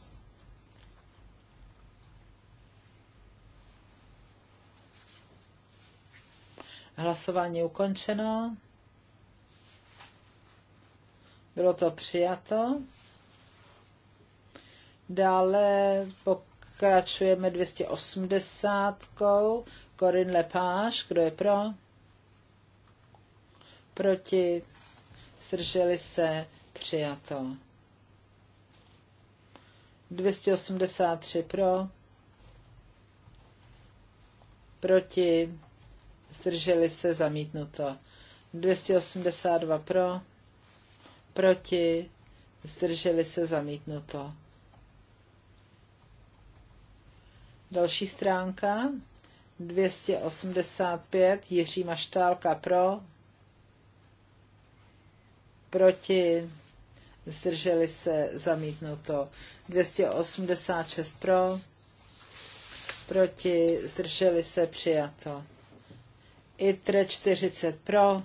Hlasování ukončeno. Bylo to přijato. Dále pokračujeme 280. Corin Lepage, kdo je pro? Proti? Zdrželi se? Přijato. 283 pro? Proti? zdrželi se, zamítnuto. 282 pro, proti, zdrželi se, zamítnuto. Další stránka, 285, Jiří Maštálka pro, proti, zdrželi se, zamítnuto. 286 pro, proti, zdrželi se, přijato. ITR 40 pro,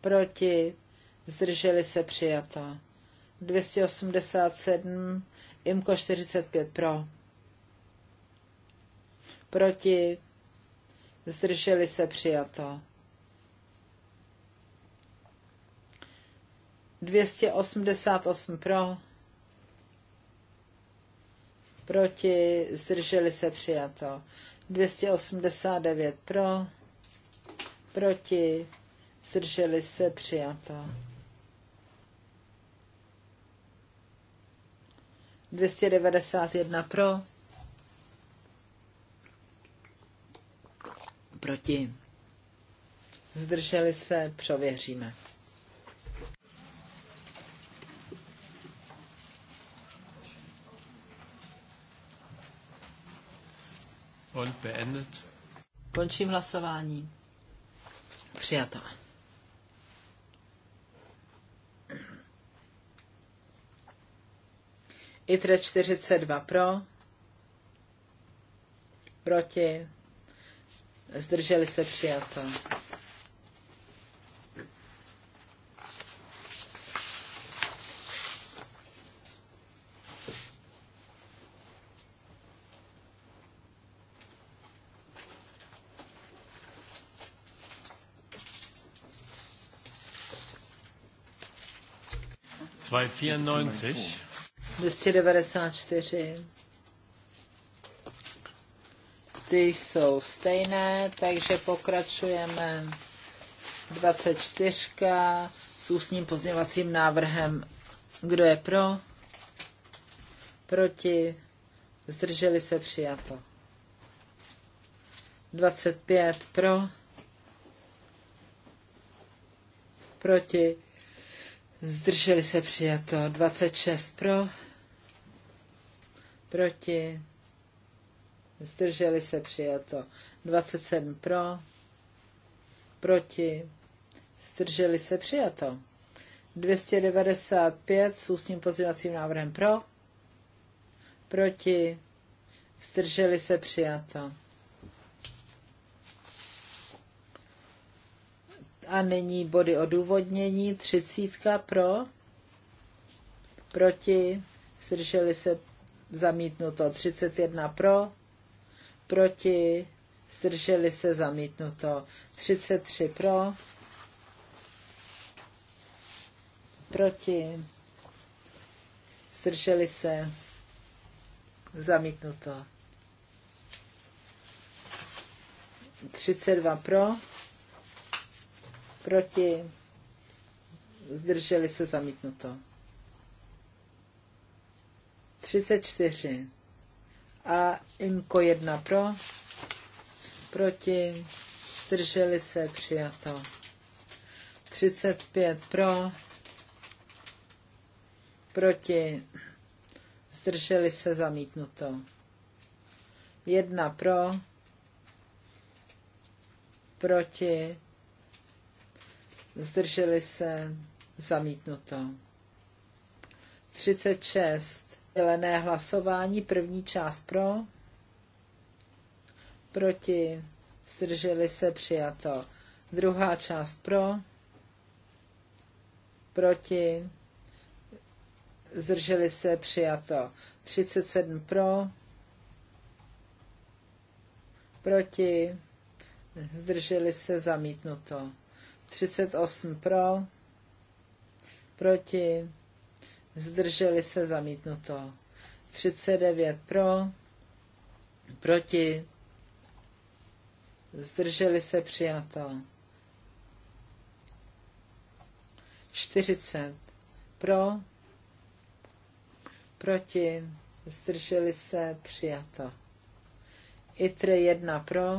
proti, zdrželi se přijato. 287, IMKO 45 pro, proti, zdrželi se přijato. 288 pro, proti, zdrželi se přijato. 289 pro, proti, zdrželi se, přijato. 291 pro, proti, zdrželi se, prověříme. Und beendet. Končím hlasování. Přijato. ITRE 42 pro, proti, zdrželi se přijato. 294. Ty jsou stejné, takže pokračujeme 24 s ústním pozněvacím návrhem. Kdo je pro? Proti? Zdrželi se přijato. 25 pro? Proti? Zdrželi se přijato 26 pro, proti, zdrželi se přijato 27 pro, proti, zdrželi se přijato 295 s ústním pozivacím návrhem pro, proti, zdrželi se přijato A nyní body odůvodnění. Třicítka pro, proti, zdrželi se zamítnuto. 31 pro, proti, zdrželi se zamítnuto. 33 pro, proti, zdrželi se zamítnuto. 32 pro, proti, zdrželi se zamítnuto. 34. A imko 1 pro, proti, zdrželi se přijato. 35 pro, proti, zdrželi se zamítnuto. 1 pro, proti, zdrželi se, zamítnuto. 36. Dělené hlasování, první část pro, proti, zdrželi se, přijato. Druhá část pro, proti, zdrželi se, přijato. 37 pro, proti, zdrželi se, zamítnuto. 38 pro, proti, zdrželi se zamítnuto. 39 pro, proti, zdrželi se přijato. 40 pro, proti, zdrželi se přijato. Itre 1 pro,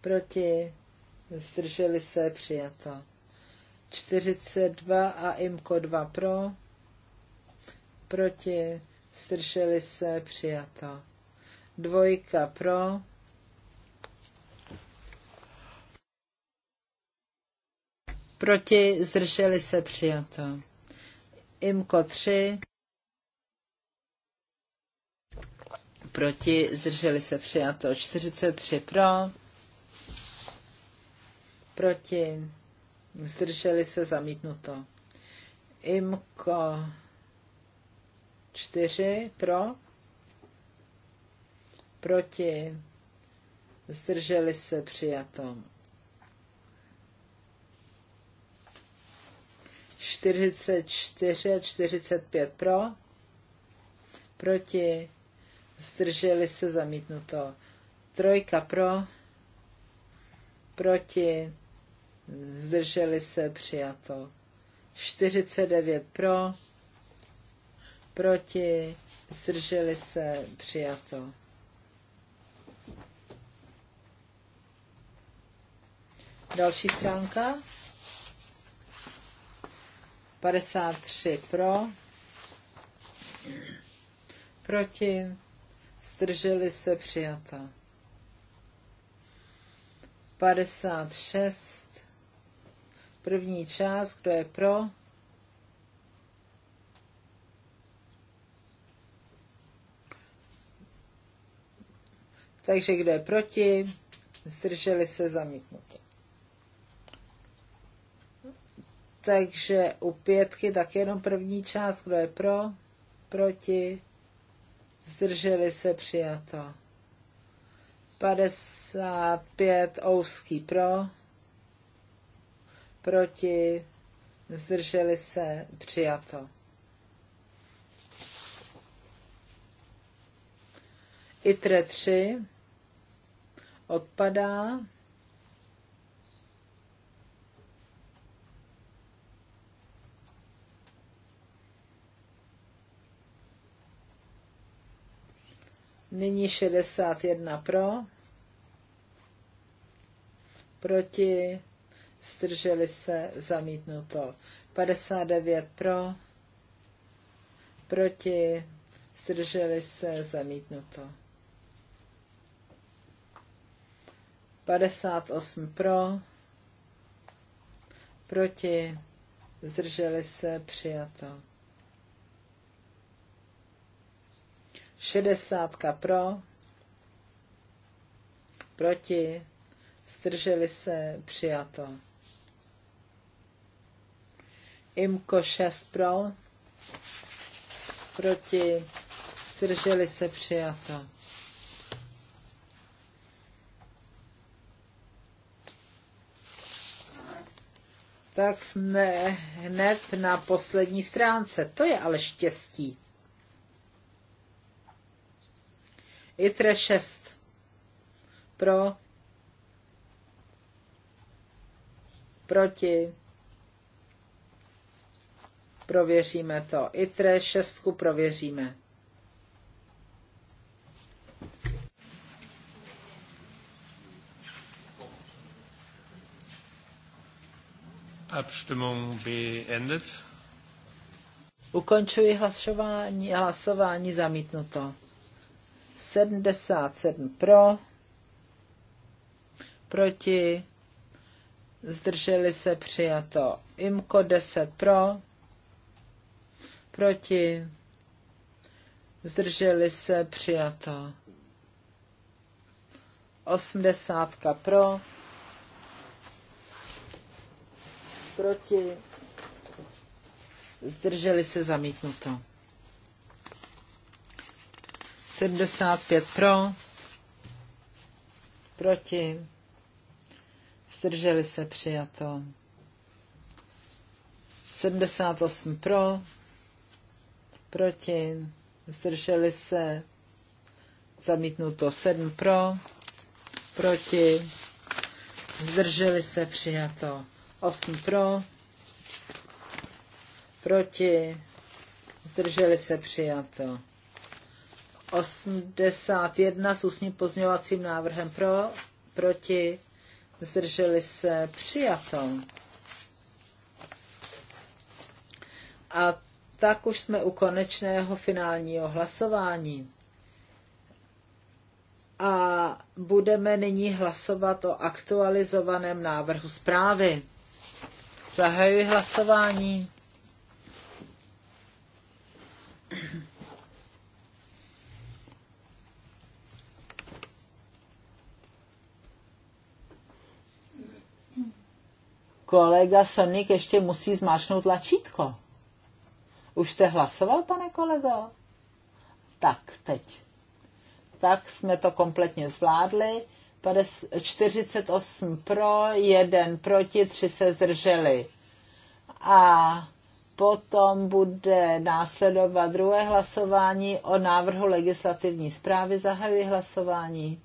proti, zdrželi se, přijato. 42 a IMKO 2 pro, proti, zdrželi se, přijato. Dvojka pro, proti, zdrželi se, přijato. IMKO 3, proti, zdrželi se, přijato. 43 pro, proti, zdrželi se zamítnuto. Imko 4 pro, proti, zdrželi se přijato. 44 a 45 pro, proti, zdrželi se zamítnuto. Trojka pro, proti, zdrželi se, přijato. 49 pro, proti, zdrželi se, přijato. Další stránka. 53 pro, proti, zdrželi se, přijata. 56 První část, kdo je pro? Takže kdo je proti? Zdrželi se zamítnuto. Takže u pětky tak jenom první část, kdo je pro, proti, zdrželi se přijato. 55 ouský pro, proti, zdrželi se, přijato. ITRE 3 odpadá. Nyní 61 pro, proti, zdrželi se, zamítnuto. 59 pro, proti, zdrželi se, zamítnuto. 58 pro, proti, zdrželi se, přijato. 60 pro, proti, zdrželi se, přijato. Imko 6 pro, proti, Strželi se přijato. Tak jsme hned na poslední stránce. To je ale štěstí. ITRE 6 pro proti prověříme to. ITRE 6 prověříme. Abstimmung beendet. Ukončuji hlasování, hlasování zamítnuto. 77 pro, proti, zdrželi se přijato. IMKO 10 pro, proti, zdrželi se, přijato. Osmdesátka pro, proti, zdrželi se, zamítnuto. 75 pro, proti, zdrželi se, přijato. 78 pro, proti, zdrželi se, zamítnuto 7 pro, proti, zdrželi se, přijato 8 pro, proti, zdrželi se, přijato 81 s ústním pozměňovacím návrhem pro, proti, zdrželi se, přijato. A tak už jsme u konečného finálního hlasování. A budeme nyní hlasovat o aktualizovaném návrhu zprávy. Zahajuji hlasování. Kolega Sonik ještě musí zmáčknout tlačítko. Už jste hlasoval, pane kolego? Tak, teď. Tak jsme to kompletně zvládli. 48 pro, 1 proti, 3 se zdrželi. A potom bude následovat druhé hlasování o návrhu legislativní zprávy. Zahajuji hlasování.